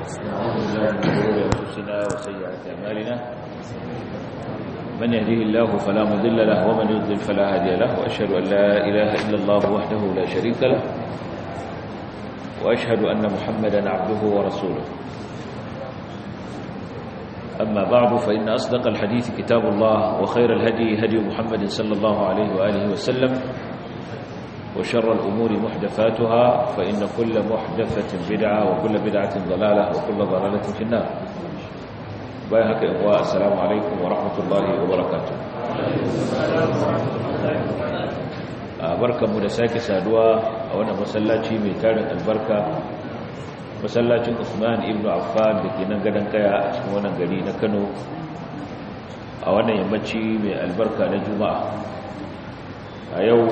بالله من شرور انفسنا وسيئات اعمالنا من يهديه الله فلا مضل له ومن يضلل فلا هادي له واشهد ان لا اله الا الله وحده لا شريك له واشهد ان محمدا عبده ورسوله اما بعد فان اصدق الحديث كتاب الله وخير الهدي هدي محمد صلى الله عليه واله وسلم وشر الأمور محدثاتها فإن كل محدثة بدعة وكل بدعة ضلالة وكل ضلالة في النار بايهك إخوة السلام عليكم ورحمة الله وبركاته بركة مدساك سادوا وانا مسلاتي ميتارك البركة مسلاتي عثمان ابن عفان لكي ننقدن كيا وانا قلينا كانوا وانا يمتشي من البركة نجمع a yau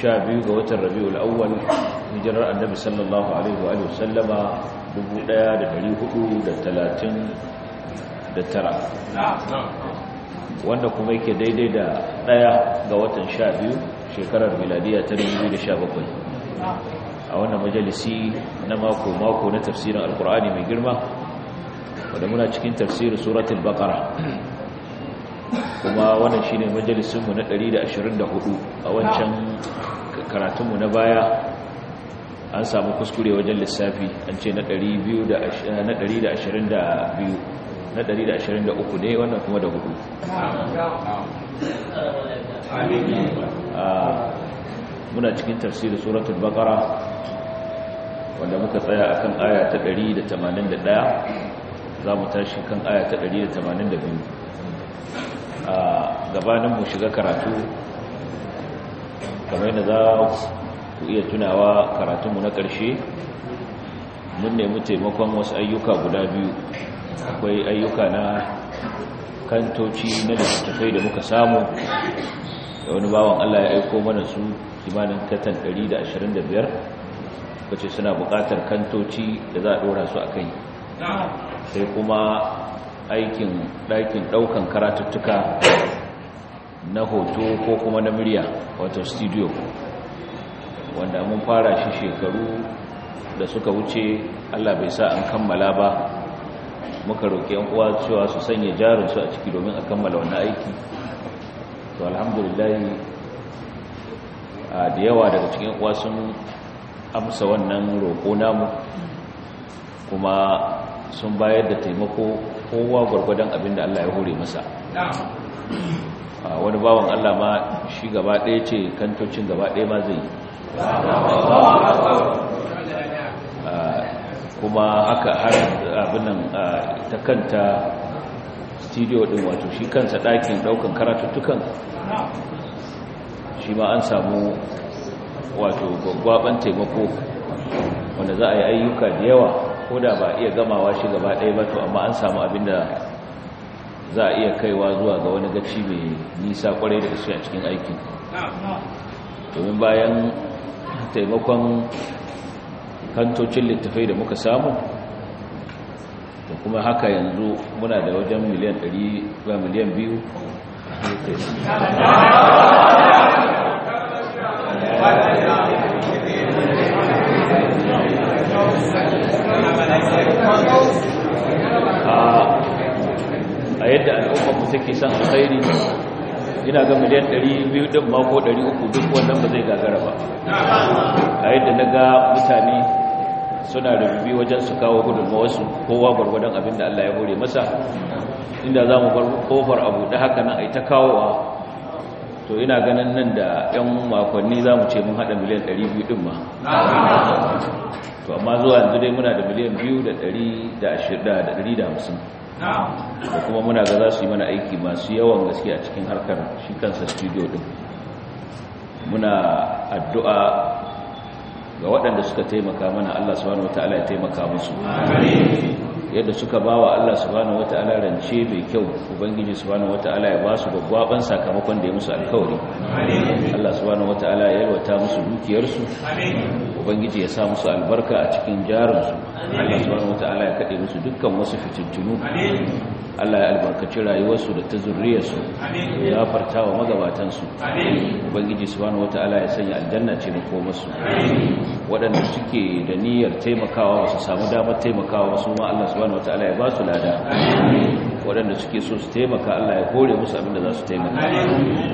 sha biyu ga watan rabi'ul awwal hijirar annabi sallallahu alaihi wa sallama 1439 wanda kuma yake daidai da ɗaya ga watan sha biyu shekarar miladiya ta 2017 a wannan majalisi na mako-mako na tafsirin alkur'ani mai girma wanda muna cikin tafsirin suratul baqara kuma wannan shine majalisunmu na 124 a wancan karatunmu na baya an samu kuskure wajen lissafi an ce na 220 na 123 ne wannan kuma da hudu muna cikin tafsiri suratul baqara wanda muka tsaya akan aya ta 181 za mu tashi kan aya ta 182 a gabanin mu shiga karatu kamar yadda za ku iya tunawa karatunmu na ƙarshe mun nemi taimakon wasu ayyuka guda biyu akwai ayyuka na kantoci na littattafai da muka samu da wani bawan Allah ya aiko mana su kimanin katan 125 wace suna buƙatar kantoci da za a ɗora su a kai sai kuma aikin ɗakin ɗaukan karatuttuka na hoto ko kuma na murya wato studio wanda mun fara shi shekaru da suka wuce Allah bai sa an kammala ba muka roƙi yan uwa cewa su sanya jarinsu a ciki domin a kammala wannan aiki to alhamdulillah da yawa daga cikin uwa sun amsa wannan roƙo namu kuma sun bayar da taimako kowa gwargwadon abinda da Allah ya hore masa ah, wani bawan Allah ma shi gaba ɗaya ce kantocin gaba ɗaya ma zai ah, kuma haka har abin nan ah, ta kanta studio ɗin wato shi kansa ɗakin ɗaukan karatuttukan shi ma an samu wato gwaban taimako wanda za a yi ayyuka da yawa ko da ba iya gamawa shi gaba ɗaya ba to amma an samu abin da za a iya kaiwa zuwa ga wani gaci mai nisa kwarai da su a cikin aikin domin bayan taimakon kantocin littafai da muka samu da kuma haka yanzu muna da wajen miliyan 100 ba miliyan 2 Thank you. yadda al'ummarmu take son alkhairi ina ga miliyan 200 din mako 300 duk wannan ba zai gagara ba a yadda na ga mutane suna da rubi wajen su kawo gudunmawarsu kowa gwargwadon abin da Allah ya hore masa inda za mu bar kofar abu da haka nan a yi ta kawowa to ina ganin nan da 'yan makonni za mu ce mun haɗa miliyan 200 din ma to amma zuwa yanzu dai muna da miliyan 2 da 150 da kuma muna ga za su yi mana aiki masu yawan gaske a cikin harkar shi kansa studio din muna addu'a ga waɗanda suka taimaka mana Allah subhanahu wata'ala ya taimaka musu yadda suka bawa Allah subhanahu wata'ala rance mai kyau ubangiji subhanahu wata'ala ya ba su gwaggwaban sakamakon da ya musu alkawari Allah subhanahu wata'ala ya yalwata musu dukiyarsu ubangiji ya sa musu albarka a cikin jarinsu Allah subhanahu wataala ya kade musu dukkan wasu fitintunu Allah ya albarkaci rayuwarsu da ta zurriyarsu ya farta wa magabatansu ubangiji subhanahu wataala ya sanya aljanna ce mu komasu waɗanda suke da niyyar taimakawa wasu samu damar taimakawa wasu ma Allah subhanahu wataala ya ba su lada waɗanda suke so su taimaka Allah ya kore musu abin da za su taimaka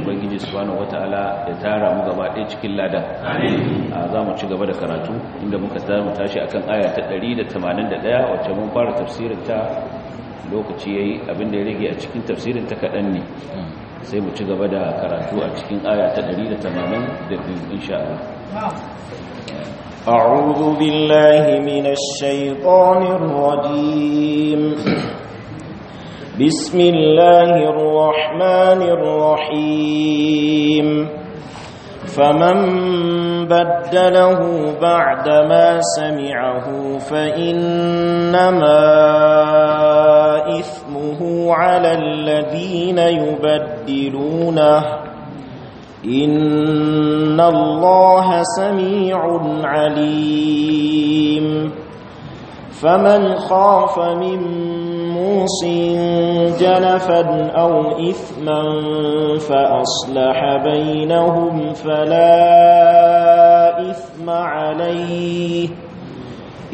ubangiji subhanahu wataala ya tara mu gaba ɗaya cikin ladan a za mu ci gaba da karatu inda muka mu tashi akan aya ta 181 wacce mun fara tafsirin ta lokaci yayi abin da ya rage a cikin tafsirin ta kaɗan ne sai mu ci gaba da karatu a cikin aya ta 182 insha Allah أعوذ بالله من الشيطان الرجيم بسم الله الرحمن الرحيم فمن بدله بعدما سمعه فإنما إثمه على الذين يبدلونه إن الله سميع عليم فمن خاف من بنصوص جنفا أو إثما فأصلح بينهم فلا إثم عليه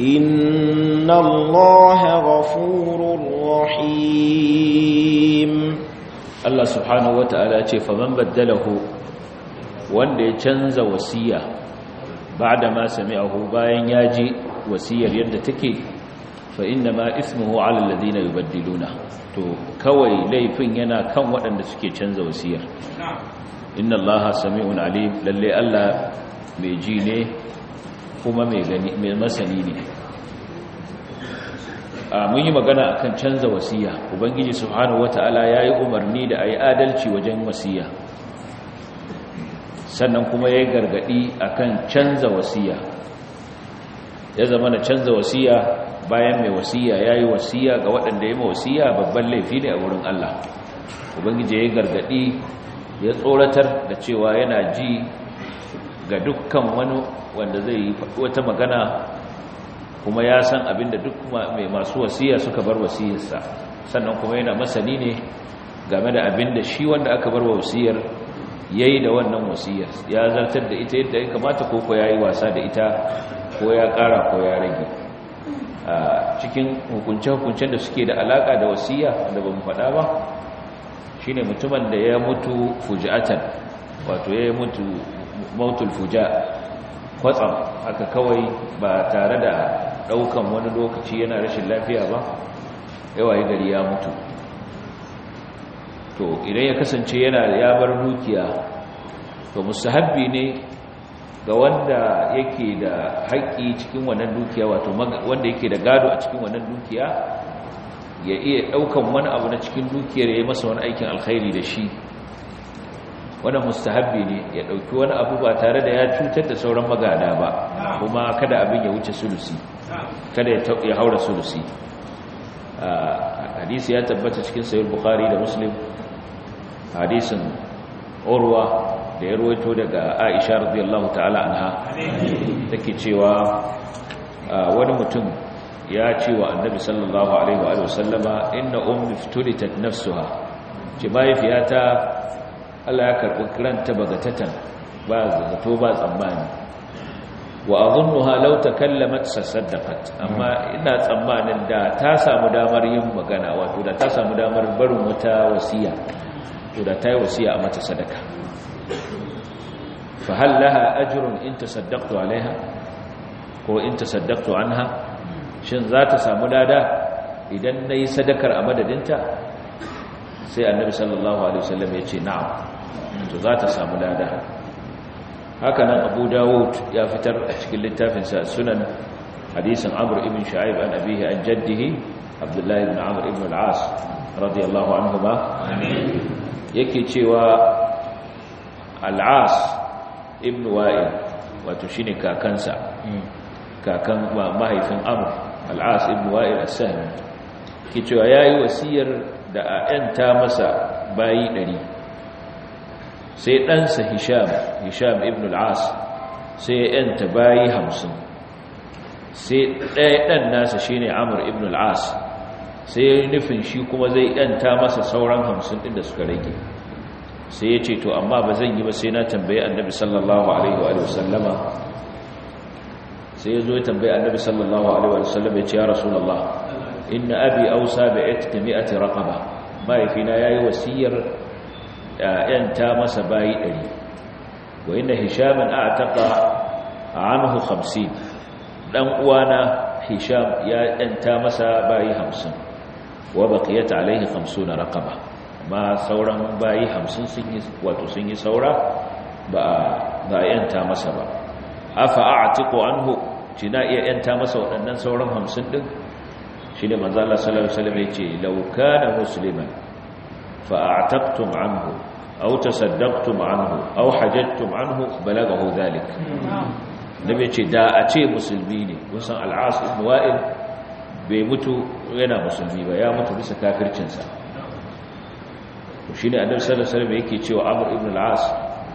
إن الله غفور رحيم الله سبحانه وتعالى فمن بدله wanda ya canza wasiya ba da ma sami'ahu bayan ya ji wasiyar yadda take fa ma ismuhu ala alladhina yubaddiluna to kawai laifin yana kan waɗanda suke canza wasiyar inna allaha sami'un alim lalle allah mai ji ne kuma mai gani mai masani ne a mun yi magana akan canza wasiya ubangiji subhanahu wataala yi umarni da ayi adalci wajen wasiya sannan kuma yayi gargadi akan canza wasiya ya zama na canza wasiya bayan mai wasiya ya yi wasiya ga waɗanda ya wasiya babban laifi ne a wurin Allah ubangiji ya gargaɗi ya tsoratar da cewa yana ji ga dukkan wani wanda zai yi wata magana kuma ya san abin da duk mai masu wasiya suka bar wasiyarsa sannan kuma yana masani ne game da abin da shi wanda aka bar wasiyar ya yi da wannan wasiyar ya zartar da ita yadda ya kamata koko ya yi wasa da ita ko ya ƙara ko ya rage a cikin hukunce-hukuncen da suke da alaka da wasiya da ba mu faɗa ba shi ne mutumin da ya mutu fuji'atan wato ya mutu mautul fuja kwatsam aka kawai ba tare da ɗaukan wani lokaci yana rashin lafiya ba yawa gari ya mutu to idan ya kasance yana ya bar dukiya to mustahabbi ne ga wanda yake da haƙƙi cikin wannan dukiya wato wanda yake da gado a cikin wannan dukiya ya iya ɗaukan wani abu na cikin dukiyar ya yi masa wani aikin alkhairi da shi wannan mustahabbi ne ya ɗauki wani abu ba tare da ya cutar da sauran magada ba kuma kada abin ya wuce sulusi kada ya haura sulusi hadisi ya tabbata cikin sayar bukhari da muslim hadisin orwa da ya ruwaito daga aisha radiyallahu ta'ala anha take cewa wani mutum ya ce wa annabi sallallahu alaihi wa sallama inna ummi ftulitat nafsuha ce mahaifiyata Allah ya karɓi kiranta bagatatan ba zato ba tsammani wa azunnuha law takallamat sasaddaqat amma ina tsammanin da ta samu damar yin magana wato da ta samu damar barin wata wasiya to da ta yi wasiya a mata sadaka fa hal laha ajrun in tasaddaqtu alaiha ko in tasaddaqtu anha shin za ta samu lada idan nayi sadakar a madadinta sai annabi sallallahu alaihi wasallam ya ce na'am to za ta samu lada haka nan abu dawud ya fitar a cikin littafinsa a sunan hadisin amr ibn shu'aib an abihi an jaddihi abdullahi ibn amr ibn al-as radiyallahu anhuma amin yake cewa al-as ibn wa'il wato shine kakansa hmm. kakan mahaifin amr al'as ibn wa'il as-sahmi ke cewa yayi wasiyar da a yanta masa bayi ɗari sai ɗansa hisham hisham ibn as sai ya yanta bayi hamsin sai ɗaya ɗan nasa shine amr ibn as sai nufin shi kuma zai yanta masa sauran hamsin ɗin da suka rage sai ya ce to amma ba zan yi ba sai na tambaye annabi sallallahu alaihi wa sallama sai ya zo ya tambayi annabi sallallahu alaihi wa sallama ya ce ya rasulullah inna abi ausa bi itqi mi'ati raqaba mahaifina yayi wasiyar ta masa bayi 100 wa inna hishaman a'taqa anhu 50 dan uwana hisham ya yanta masa bayi 50 wa baqiyat alaihi 50 raqaba ma sauran bayi hamsin sun yi wato sun yi saura ba ba yanta masa ba afa a'tiqu anhu shi na iya yanta masa waɗannan sauran hamsin din shi ne manzo Allah sallallahu alaihi wasallam yace law kana musliman fa a'taqtum anhu aw tasaddaqtum anhu aw hajjattum anhu balaga dhalik nabi yace da a ce musulmi ne musan al ibn wa'il bai mutu yana musulmi ba ya mutu bisa kafircinsa shi ne annabi sallallahu alaihi wasallam yake cewa amr ibn al’as as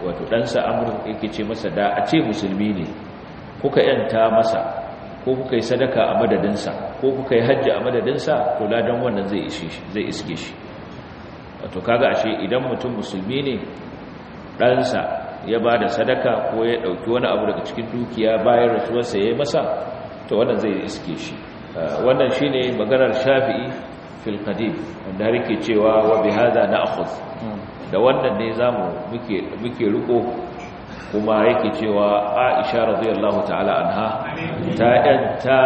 wato ɗansa amur yake ce masa da a ce musulmi ne kuka yanta masa ko kuka yi sadaka a madadinsa ko kuka yi hajji a madadinsa to ladan wannan zai iske shi wato kaga a ce idan mutum musulmi ne ɗansa ya ba da sadaka ko ya ɗauki wani abu daga cikin dukiya bayan rasuwarsa ya yi masa to wannan zai iske shi wannan shi ne maganar shafi'i fil qadim wanda yake cewa wa na na'khudh hmm. da wannan ne zamu muke muke riko kuma yake cewa Aisha radiyallahu ta'ala anha ta yanta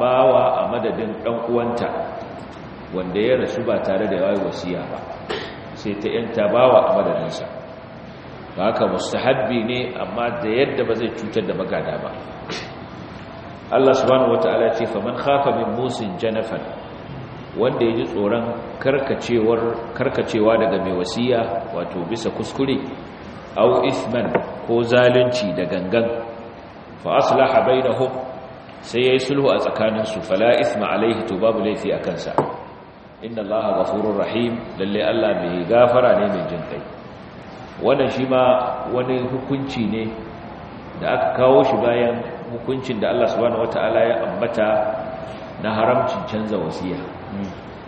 bawa a madadin dan uwanta wanda ya rasu ba tare da yayi wasiya ba sai ta yanta bawa a madadinsa haka mustahabbi ne amma da yadda ba zai cutar da magada ba Allah subhanahu wataala ya ce faman khafa min musin janafan wanda ya ji tsoron karkacewa daga mai wasiya wato bisa kuskure au isman ko zalunci da gangan fa aslaha ho, sai yayi sulhu a tsakanin su fala isma alaihi to babu laifi a kansa inna allaha ghafurur rahim lalle allah mai gafara ne mai jin kai wannan shi ma wani hukunci ne da aka kawo shi bayan hukuncin da Allah subhanahu wataala ya ambata na haramcin canza wasiya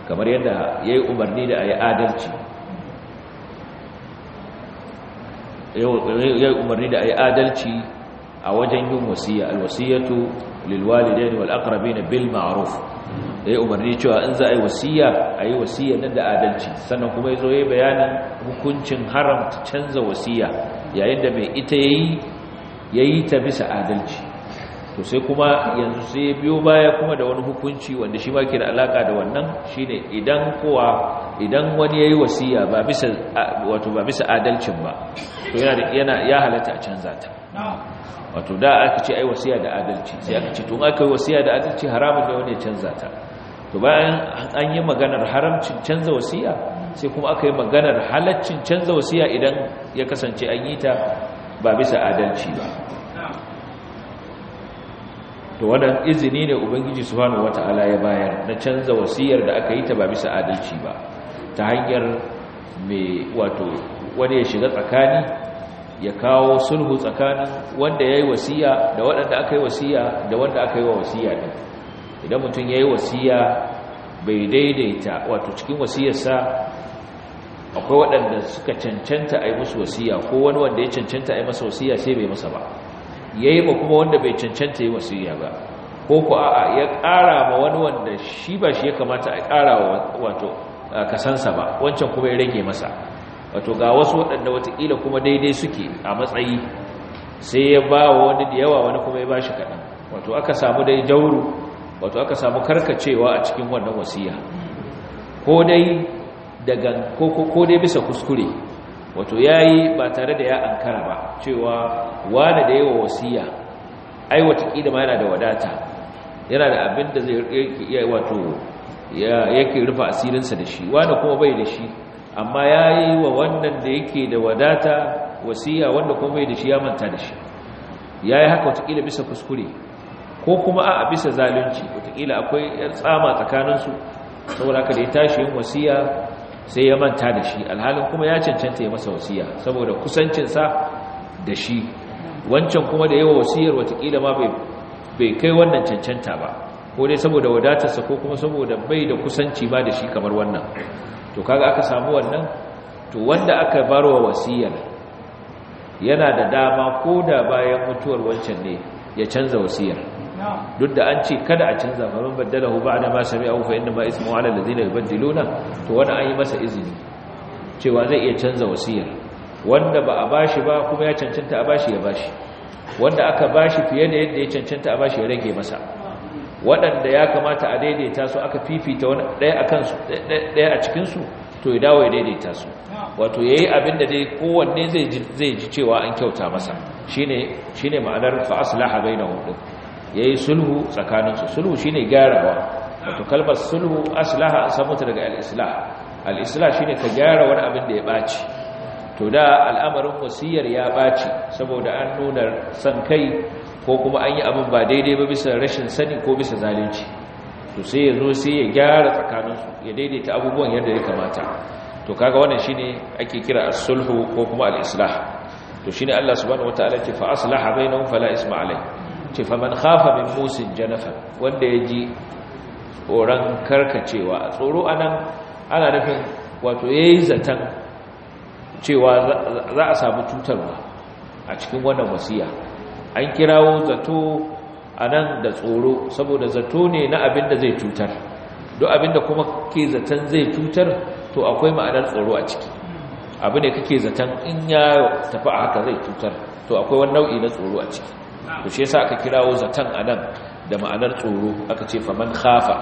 kamar yadda ya yi umarni da a yi adalci ya yi umarni da a yi adalci a wajen yin wasiya alwasiyatu lilwalidaini wal na bil ma'ruf ya yi umarni cewa in za a yi wasiya a yi wasiya nan da adalci sannan kuma ya zo ya bayanin hukuncin haramta canza wasiya yayin da mai ita ya yi ta bisa adalci to sai kuma yanzu sai biyo baya kuma da wani hukunci wanda shi ma ke da alaka da wannan shine idan kowa idan wani yayi wasiya ba bisa wato ba bisa adalcin ba to yana yana ya halatta a canza ta wato da aka ce ai wasiya da adalci sai aka ce to in aka yi wasiya da adalci haramun ne wani ya canza ta to bayan an yi maganar haramcin canza wasiya sai kuma aka yi maganar halaccin canza wasiya idan ya kasance an yi ta ba bisa adalci ba to wannan izini ne ubangiji subhanahu wataala ya bayar na canza wasiyar da aka yi ta ba bisa adalci ba ta hanyar mai wato wani ya shiga tsakani ya kawo sulhu tsakanin wanda ya yi wasiya da waɗanda aka yi wasiya da wanda aka yi wa wasiya din idan mutum ya wasiya bai daidaita wato cikin wasiyarsa akwai waɗanda suka cancanta a yi musu wasiya ko wani wanda ya cancanta a yi masa wasiya sai bai masa ba ya yi ma kuma wanda bai cancanta yi wasiya ba ko ku a'a ya ƙara ma wani wanda shi ba shi ya kamata a ƙara wato kasansa ba wancan kuma ya rage masa wato ga wasu waɗanda watakila kuma daidai suke a matsayi sai ya ba wa wani da yawa wani kuma ya ba shi kaɗan wato aka samu dai jauru wato aka samu karkacewa a cikin wannan wasiya ko dai daga ko dai bisa kuskure wato ya yi ba tare da ya ankara ba cewa wani da yawa wasiya ai watakila ma yana da wadata yana da abin da zai iya wato yake rufa asirinsa da shi wani kuma bai da shi amma ya yi wa wannan da yake da wadata wasiya wanda kuma bai da shi ya manta da shi Ya yi haka watakila bisa kuskure ko kuma a bisa zalunci watakila akwai yar tsama tsakaninsu saboda haka da ya tashi yin wasiya sai ya manta da shi alhalin kuma ya cancanta ya masa wasiya saboda kusancinsa da shi wancan kuma da yawa wasiyar watakila ma bai kai wannan cancanta ba ko dai saboda wadatarsa ko kuma saboda bai da kusanci ba da shi kamar wannan to kaga aka samu wannan to wanda aka barwa wasiyar yana da dama ko da bayan mutuwar wancan ne ya canza wasiyar duk da an ce kada a canza ba hu ba da ma sami'ahu fa inna ma ismu 'ala alladhina yubaddiluna to wani an yi masa izini cewa zai iya canza wasiyar wanda ba a bashi ba kuma ya cancanta a bashi ya bashi wanda aka bashi fiye da yadda ya cancanta a bashi ya rage masa waɗanda ya kamata a daidaita su aka fifita wani ɗaya a kansu ɗaya a cikinsu to ya dawo ya daidaita su wato ya yi abin da dai kowanne zai ji cewa an kyauta masa shine ma'anar fa'asla habai na hudu ya yi sulhu tsakaninsu sulhu shi ne gyarawa wato kalmar sulhu aslaha samuta daga al'isla. Al'isla shi ne ka gyara wani abin da ya ɓaci to da al'amarin wasiyar ya ɓaci saboda an nuna san kai ko kuma an yi abin ba daidai ba bisa rashin sani ko bisa zalunci to sai ya zo sai ya gyara tsakaninsu ya daidaita abubuwan yadda ya kamata to kaga wannan shine ake kira as-sulhu ko kuma al'isla? To shi ne Allah subhanahu wataala ce fa aslaha bainahum fala isma'alai ce faman khafa min musin janafa wanda ya ji tsoron karkacewa a tsoro anan ana nufin wato ya yi zaton cewa za a samu cutarwa a cikin wannan wasiya an kirawo zato a nan da tsoro saboda zato ne na abin da zai cutar duk abin da kuma ke zaton zai cutar to akwai ma'anar tsoro a ciki abu ne kake zaton in ya tafi a haka zai cutar to akwai wani nau'i na tsoro a ciki to shi yasa aka kirawo zatan anan da ma'anar tsoro aka ce faman khafa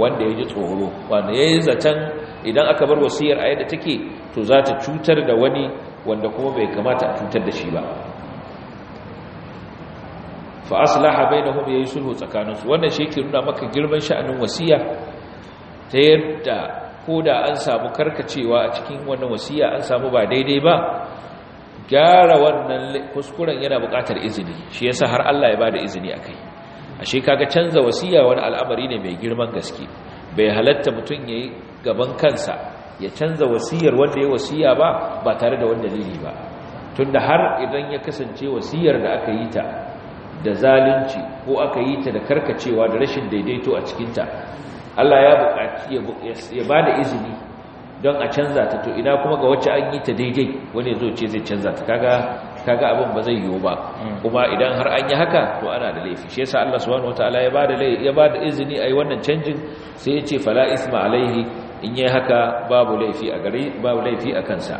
wanda yaji tsoro wanda ya yi idan aka bar wasiyar a yadda take to za ta cutar da wani wanda kuma bai kamata a cutar da shi ba fa aslaha bainahum yayi sulhu tsakanin su. wannan shi yake nuna maka girman sha'anin wasiya ta yadda ko da an samu karkacewa a cikin wannan wasiya an samu ba daidai ba gyara wannan kuskuren yana bukatar izini shi yasa har Allah ya bada izini akai ashe kaga canza wasiya wani al'amari ne mai girman gaske bai halatta mutum yayi gaban kansa ya canza wasiyar wanda ya wasiya ba ba tare da wani dalili ba tunda har idan ya kasance wasiyar da aka yi ta da zalunci ko aka yi ta da karkacewa da rashin daidaito a cikinta Allah ya ya bada izini don a canza ta to ina kuma ga wacce an yi ta daidai wani zo ce zai canza ta kaga kaga abin ba zai yiwu ba mm. kuma idan har an yi haka to ana da laifi shi yasa Allah subhanahu wataala ya bada ya bada izini ayi wannan canjin sai ya ce fala isma alaihi in yi haka babu laifi a gare babu laifi a kansa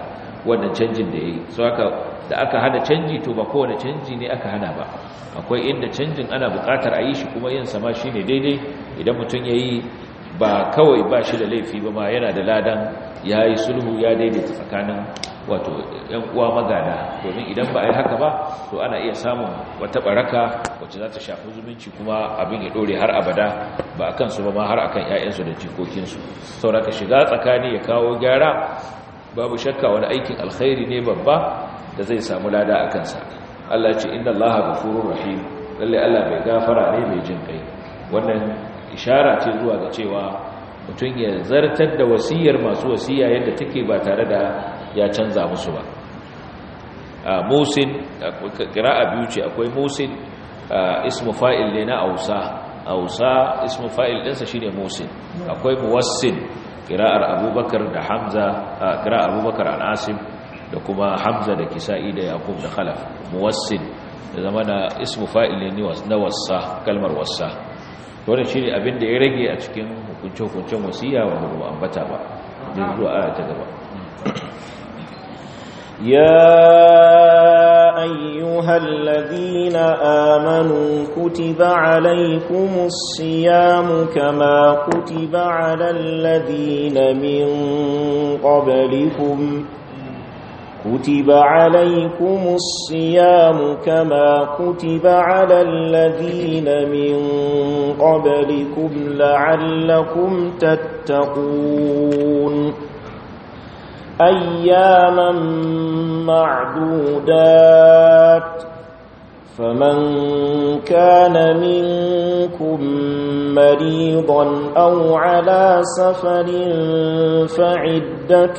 wannan canjin da yayi so haka da aka hada canji to ba kowane canji ne aka hana ba akwai inda canjin ana buƙatar a yi shi kuma yin sama shine daidai idan mutum yayi ba kawai ba shi da laifi ba ma yana da ladan ya yi sulhu ya daidaita tsakanin wato yan uwa magana domin idan ba a yi haka ba to ana iya samun wata baraka wacce za ta shafi zumunci kuma abin ya ɗore har abada ba a kansu ba ma har akan 'ya'yansu da jikokinsu sauraka shiga tsakani ya kawo gyara babu shakka wani aikin alkhairi ne babba da zai samu lada a kansa Allah ce inna Allah ghafurur rahim lalle Allah bai gafara ne mai jin kai wannan ishara ce zuwa ga cewa mutum ya zartar da wasiyar masu wasiya yadda take ba tare da ya canza musu ba a musin a biyu ce akwai musin ismu fa'il ne na ausa ausa ismu fa'il ɗinsa ne musin akwai muwassin kira'ar abubakar da hamza kira'ar abubakar al'asim da kuma hamza da kisa'i da yakub da khalaf muwassin da zama na ismu fa'il ne na wasa kalmar wasa wannan shine abin da ya rage a cikin hukuncin hukuncin wasiya wa ba ambata ba din zuwa ala ta gaba ya ayyuhal ladina amanu kutiba alaykumus siyamu kama kutiba alal ladina min qablikum كتب عليكم الصيام كما كتب على الذين من قبلكم لعلكم تتقون أياما معدودات فمن كان منكم مريضا أو على سفر فعدة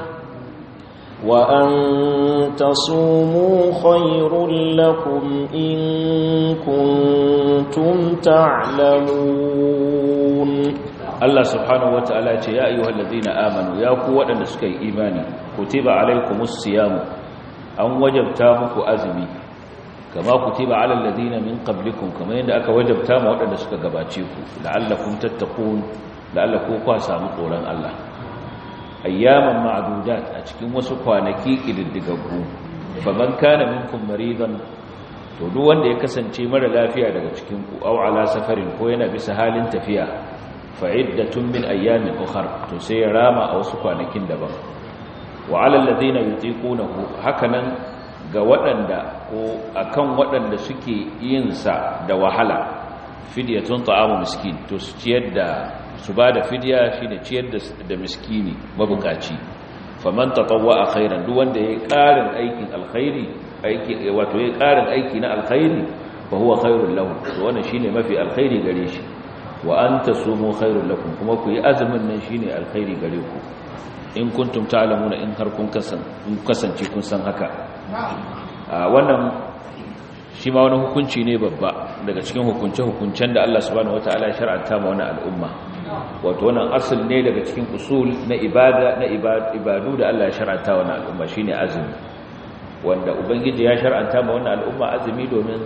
وأن تصوموا خير لكم إن كنتم تعلمون الله سبحانه وتعالى يا أيها الذين آمنوا يا قوة نسكي إيماني كتب عليكم الصيام أن وجبتامك أزمي كما كتب على الذين من قبلكم كما يندأك وجبتام وأن نسكي قباتيكم لعلكم تتقون لعلكم قاسم قولا الله ayyaman ma'dudat a cikin wasu kwanaki kididdigaggu faman kana minkum maridan to duk wanda ya kasance mara lafiya daga cikin ku aw ala safarin ko yana bisa halin tafiya fa iddatun min ayyamin ukhra to sai ya rama a wasu kwanakin daban wa ala alladhina yutiqunahu hakanan ga waɗanda ko akan waɗanda suke yin sa da wahala fidyatun ta'amu miskin to su ciyar da su ba da fidya shi ne ciyar da miskini mabukaci faman tatawwa a khairan duk wanda ya yi ƙarin aikin alkhairi aiki wato ya yi ƙarin aiki na alkhairi fa huwa khairul lahu to shi ne mafi alkhairi gare shi wa anta sumu khairul lakum kuma ku yi azumin nan ne alkhairi gare ku in kuntum ta'lamuna in har kun kasance kun san haka wannan shi ma wani hukunci ne babba daga cikin hukunce-hukuncen da Allah subhanahu wata'ala ya shar'anta ma wani al'umma wato wannan asal ne daga cikin usul na ibada na ibadu da Allah ya shar'anta wa al'umma shine azumi wanda ubangiji ya shar'anta ma wannan al'umma azumi domin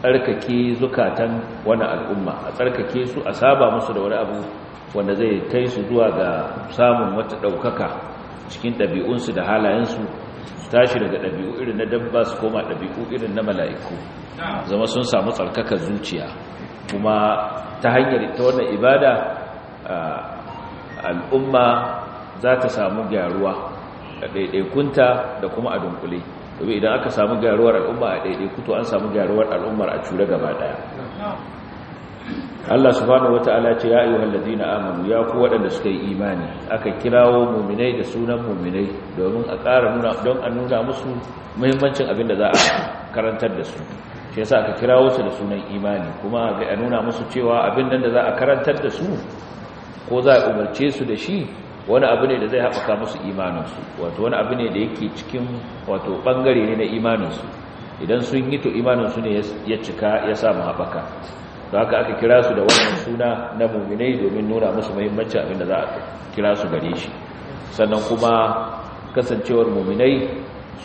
tsarkake zukatan wannan al'umma a tsarkake su a saba musu da wani abu wanda zai kai su zuwa ga samun wata daukaka cikin ɗabi'unsu da halayensu su tashi daga ɗabi'u irin na dabba su koma ɗabi'u irin na mala'iku zama sun samu tsarkakar zuciya kuma ta hanyar ta wannan ibada al'umma za ta samu gyaruwa a ɗaiɗaikunta da kuma a dunkule domin idan aka samu gyaruwar al'umma a ɗaiɗaiku to an samu gyaruwar al'ummar a cure gaba ɗaya Allah subhanahu wata'ala ce ya ayyuhal ladina amanu ya ku waɗanda suka yi imani aka kirawo muminai da sunan muminai domin a ƙara nuna don a nuna musu muhimmancin abin da za a karantar da su shi yasa aka kirawo su da sunan imani kuma a nuna musu cewa abin da za a karantar da su ko za a umarce su da shi wani abu ne da zai haɓaka musu imaninsu wato wani abu ne da yake cikin wato ɓangare ne na imaninsu idan sun yi to imaninsu ne ya cika ya samu haɓaka da haka aka kira su da wannan suna na muminai domin nuna musu mahimmanci abin da za a kira su gare shi sannan kuma kasancewar muminai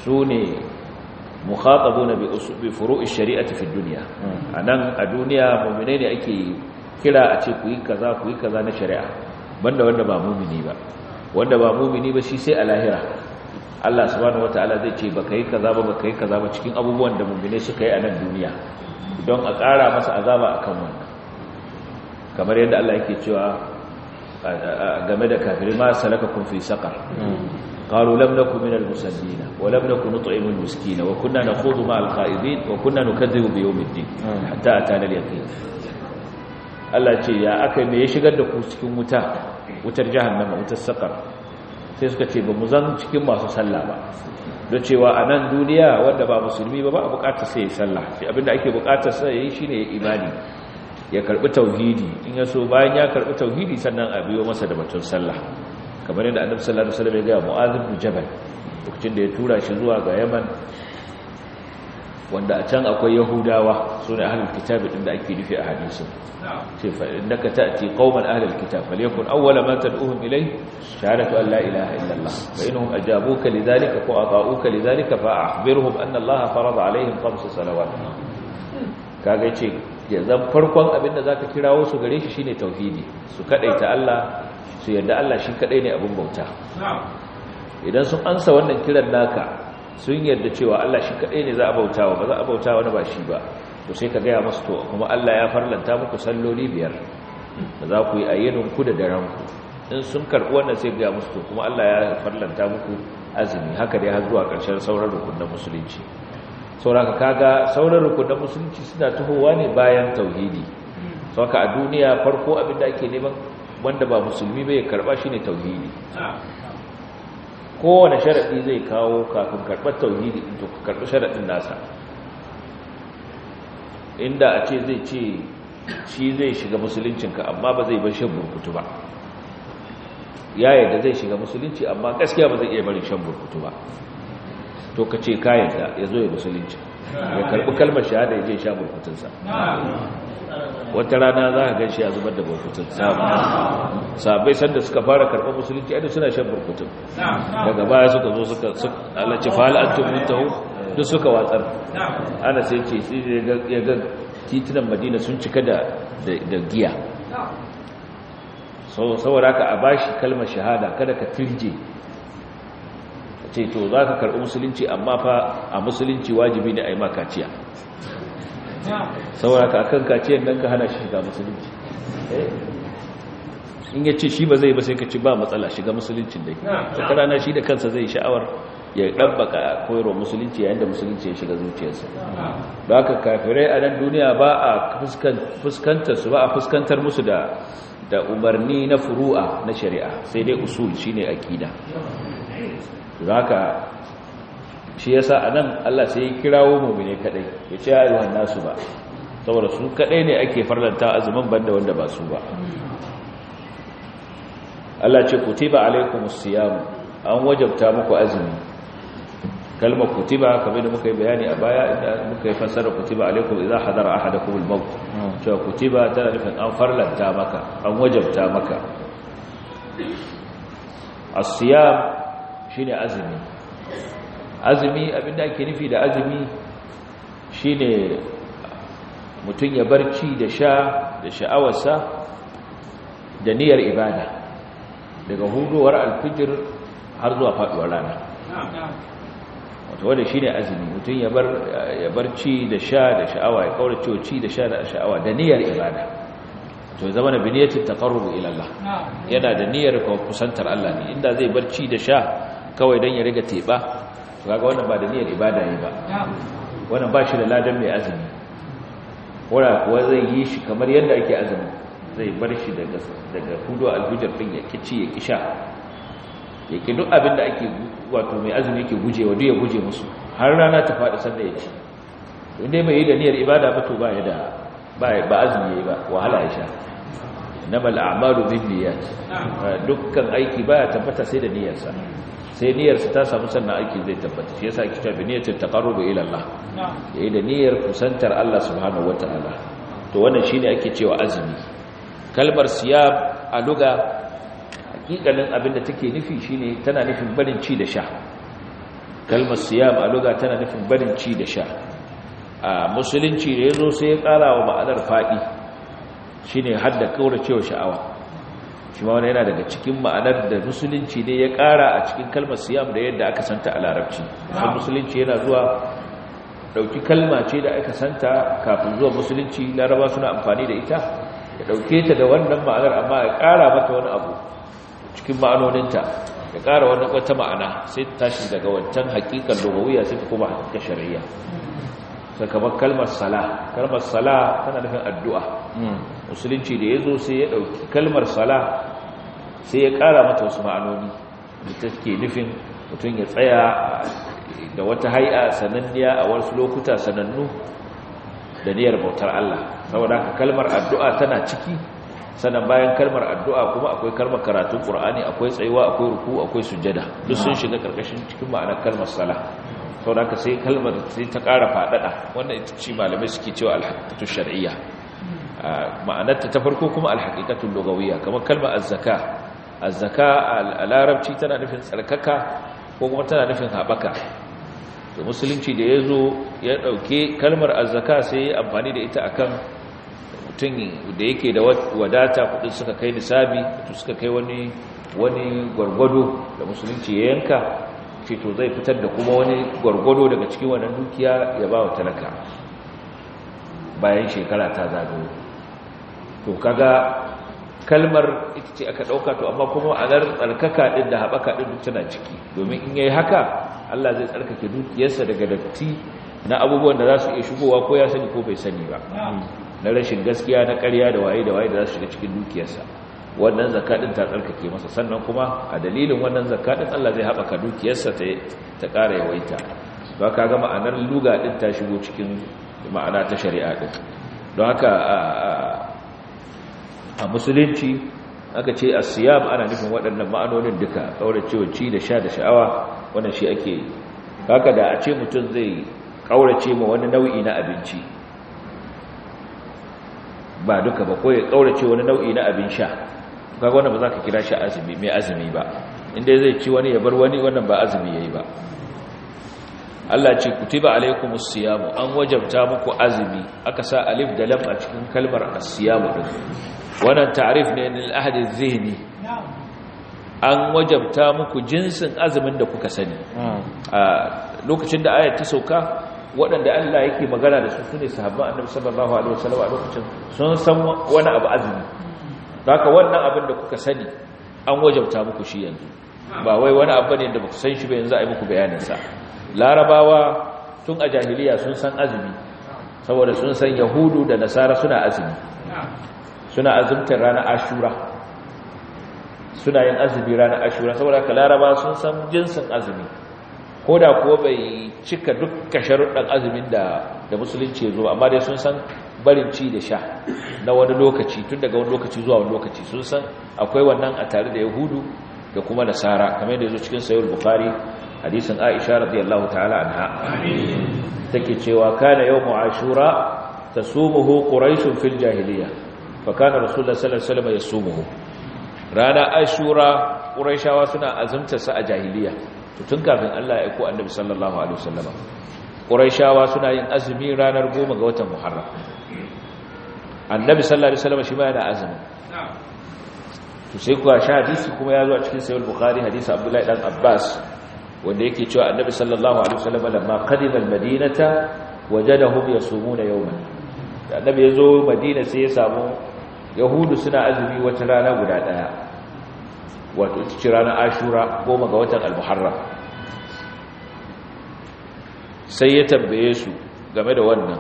su ne na bi furu'i shari'a fi duniya a nan a duniya muminai ne ake kira a ce ku yi kaza ku yi kaza na shari'a banda wanda ba mumini ba wanda ba mumini ba shi sai a lahira Allah subhanahu wataala zai ce baka yi kaza ba baka yi kaza ba cikin abubuwan da mumini suka yi a nan duniya don a ƙara masa azaba akan wannan kamar yadda Allah yake cewa game da kafirai ma salakakum fi saqar قالوا لم نكن من المسلمين ولم نكن نطعم المسكين وكنا نخوض مع الخائضين وكنا نكذب بيوم الدين حتى أتانا اليقين Allah ce ya aka me ya shigar da ku cikin wuta wutar jahannama wutar sakar sai suka ce ba mu zan cikin masu sallah ba don cewa a nan duniya wanda ba musulmi ba ba a bukatar sai ya sallah abinda ake bukatar sai ya yi shine ya imani ya karbi tauhidi in ya so bayan ya karbi tauhidi sannan a biyo masa da batun sallah kamar yadda annabi sallallahu alaihi wasallam ya ga mu'adh bin jabal lokacin da ya tura shi zuwa ga yaman wanda a can akwai yahudawa su ne ahalar kitab ɗin da ake nufi a hadisun ce fa'in ka ta'ati ƙauman ahalar kitab falekun awwala matar uhun ilai shahadatu an la ilaha illallah fa inhum ajabuka lidhalika ko ata'uka lidhalika fa birhum anna allaha farada alaihim khams salawat ga ce zan farkon abin da zaka kirawo su gare shi shine tauhidi su Allah su yarda Allah shi kadai ne abin bauta idan sun ansa wannan kiran naka sun yadda cewa Allah shi kaɗai ne za a bautawa ba za a bautawa wani ba shi ba to sai ka gaya masu to kuma Allah ya farlanta muku salloli biyar da za ku yi ayyanin ku da daren ku in sun karɓi wannan sai gaya musu to kuma Allah ya farlanta muku azumi haka dai har zuwa ƙarshen sauran rukunin musulunci sauraka kaga sauran rukunin musulunci suna tuhowa ne bayan tauhidi sauka a duniya farko abin da ake neman wanda ba musulmi bai karɓa ne tauhidi kowane sharaɗi zai kawo kafin karɓar tauhidi to karɓi sharaɗin nasa inda a ce zai ce shi zai shiga musuluncinka amma ba zai bar shan burkutu ba ya yadda zai shiga musulunci amma gaskiya ba zai iya barin shan burkutu ba to ka ce ka yadda ya zo ya musulunci ya karbi kalmar shahada ya je sha burkutunsa wata rana za ka gan shi ya zubar da burkutun sabai sanda suka fara karɓar musulunci yadda suna shan bulfutun daga baya suka zo suka halarci fala'attun mintahu duk suka watsar ana sai ce ya ga titunan madina sun cika da giya saboda haka a bashi kalmar shahada kada ka tirje ce to za ka karɓi musulunci amma fa a musulunci wajibi ne a yi ma kaciya saboda ka kan kaciyar nan ka hana shi shiga musulunci eh? in ya shi ba zai ba sai ka ci ba matsala shiga musuluncin dai ta rana shi da kansa zai sha'awar ya ɗabbaka koyarwa musulunci yayin da musulunci ya shiga zuciyarsa da haka kafirai a nan duniya ba a fuskantar su ba a fuskantar musu da da umarni na furu'a na shari'a sai dai usul shine aqida za ka shi yasa a nan Allah sai ya kirawo mummune kadai ya ce ya ayyuhan nasu ba saboda su kadai ne ake farlanta azumin banda wanda ba su ba Allah ce kutiba alaikumus siyam an wajabta muku azumi kalma kutiba kamar da muka yi bayani a baya inda muka yi fassara kutiba alaikum idza hadara ahadakum al-maut to hmm. kutiba tana nufin an farlanta maka an wajabta maka as-siyam shine azumi azumi abinda ake nufi da azumi shine mutum ya barci da sha da sha'awarsa da niyyar ibada daga hudowar alfijir har zuwa faduwar rana wato wanda shine azumi mutum ya bar ya barci da sha da sha'awa ya kaura ci da sha da sha'awa da niyyar ibada to zama da biniyatin taqarrub ila Allah yana da niyyar kusantar Allah ne inda zai barci da sha kawai don ya riga teɓa to kaga wannan ba da niyyar ibada ne ba wannan ba shi da ladan mai azumi wadda kuwa zai yi shi kamar yadda ake azumi zai bar shi daga hudu albujar ɗin ya kici ya kisha ya ke duk abin da ake wato mai azumi yake guje wa duk ya guje musu har rana ta faɗi sanda ya ci inda mai yi da niyyar ibada ba to ba ya da ba azumi ya yi ba wahala ya sha na mal'amalu bin dukkan aiki baya tabbata sai da niyarsa sai niyyarsa ta samu sannan aiki zai tabbata shi yasa kita bi niyyatin taqarrubu ila Allah yayi da niyyar kusantar Allah subhanahu wataala to wannan shine ake cewa azumi kalmar siyam a luga hakikalin abinda take nufi shine tana nufin barin ci da sha kalmar siyam a luga tana nufin barin ci da sha a musulunci da ya zo sai ya kara wa ma'anar fadi shine hadda kauracewa sha'awa shi ma wani yana daga cikin ma'anar da musulunci ne ya ƙara a cikin kalmar siyam da yadda aka santa a larabci don musulunci yana zuwa ɗauki kalma ce da aka santa kafin zuwa musulunci laraba suna amfani da ita ya ɗauke ta da wannan ma'anar amma ya ƙara mata wani abu cikin ma'anoninta ya ƙara wani wata ma'ana sai ta tashi daga wancan haƙiƙar lugawiya sai ta kuma hakika shari'a kamar kalmar sala kalmar sala tana nufin addu'a hmm. musulunci da ya zo sai ya ɗauki kalmar sala sai ya ƙara mata wasu ma'anoni da ta ke nufin mutum ya tsaya da wata hai'a sananniya a wasu lokuta sanannu da niyyar bautar Allah saboda haka kalmar addu'a tana ciki sannan bayan kalmar addu'a kuma akwai kalmar karatun Qur'ani akwai tsayuwa akwai ruku akwai sujada duk sun hmm. shiga karkashin cikin ma'anar kalmar sala sau da sai kalmar sai ta ƙara faɗaɗa wannan ita ce malamai suke cewa alhaƙiƙatu shari'a ma'anarta ta farko kuma alhaƙiƙatu logawiyya kamar kalmar azzaka azzaka a larabci tana nufin tsarkaka ko kuma tana nufin haɓaka da musulunci da ya zo ya ɗauke kalmar azzaka sai ya amfani da ita akan mutum da yake da wadata kudin suka kai nisabi suka kai wani gwargwado da musulunci ya yanka ce to zai fitar da kuma wani gwargwado daga cikin wannan dukiya ya ba wa talaka bayan shekara ta zago to kaga kalmar ita ce aka ɗauka to amma kuma a nan tsarkaka ɗin da haɓaka ɗin duk tana ciki domin in yi haka Allah zai tsarkake dukiyarsa daga datti na abubuwan da za su iya shigowa ko ya sani ko bai sani ba na rashin gaskiya na ƙarya da waye da waye da za su shiga cikin dukiyarsa wannan zakadin ta tsarkake masa sannan kuma a dalilin wannan zakadin Allah zai haɓaka dukiyarsa ta ƙara yawaita don haka ga ma'anar luga ɗin ta shigo cikin ma'ana ta shari'a ɗin don haka a musulunci aka ce a siyam ana nufin waɗannan ma'anonin duka ƙaurar cewa ci da sha da sha'awa wannan shi ake yi haka da a ce mutum zai ƙaurace ma wani nau'i na abinci ba duka ba ko ya ƙaurace wani nau'i na abin sha kaga wannan ba za ka kira shi azumi mai azumi ba inda zai ci wani ya bar wani wannan ba azumi yayi ba Allah ce kutiba alaikumus siyamu an wajabta muku azumi aka sa alif da lam a cikin kalmar as-siyamu wannan ta'arif ne lil ahdi zihni an wajabta muku jinsin azumin da kuka sani a lokacin da ayat ta sauka waɗanda Allah yake magana da su sune sahabban annabi sallallahu alaihi wasallam a lokacin sun san wani abu azumi haka wannan abin da kuka sani an wajabta muku shi yanzu ba wai wani abu ne da ba ku san shi ba yanzu a yi muku bayaninsa larabawa tun a jahiliya sun san azumi saboda sun san yahudu da nasara suna azumi suna azumtar ranar ashura suna yin azumi ranar ashura saboda ka laraba sun san jinsin azumi ko da kuwa bai cika dukkan sharuɗan azumin da musulunci ya zo amma dai sun san barin ci da sha na wani lokaci tun daga wani lokaci zuwa wani lokaci sun san akwai wannan a tare da yahudu da kuma nasara kamar yadda ya zo cikin sayar bukari hadisun aisha radiyallahu ta'ala anha take cewa kana ma'ashura ashura tasumuhu quraishun fil jahiliya fa kana rasulullah sallallahu alaihi wasallam yasumuhu rana ashura shawa suna azumtar sa a jahiliya to tun kafin Allah ya aiko annabi sallallahu alaihi wasallam shawa suna yin azumi ranar goma ga watan muharram annabi sallallahu alaihi wasallam shi ma yana azumi to sai kuwa sha hadisi kuma ya zo a cikin sahih bukhari hadisi abdullahi dan abbas wanda yake cewa annabi sallallahu alaihi wasallam lamma qadima almadinata wajadahum yasumuna yawman annabi yazo madina sai ya samu yahudu suna azumi wata rana guda daya wato cikin ranar ashura goma ga watan almuharram sai ya tambaye su game da wannan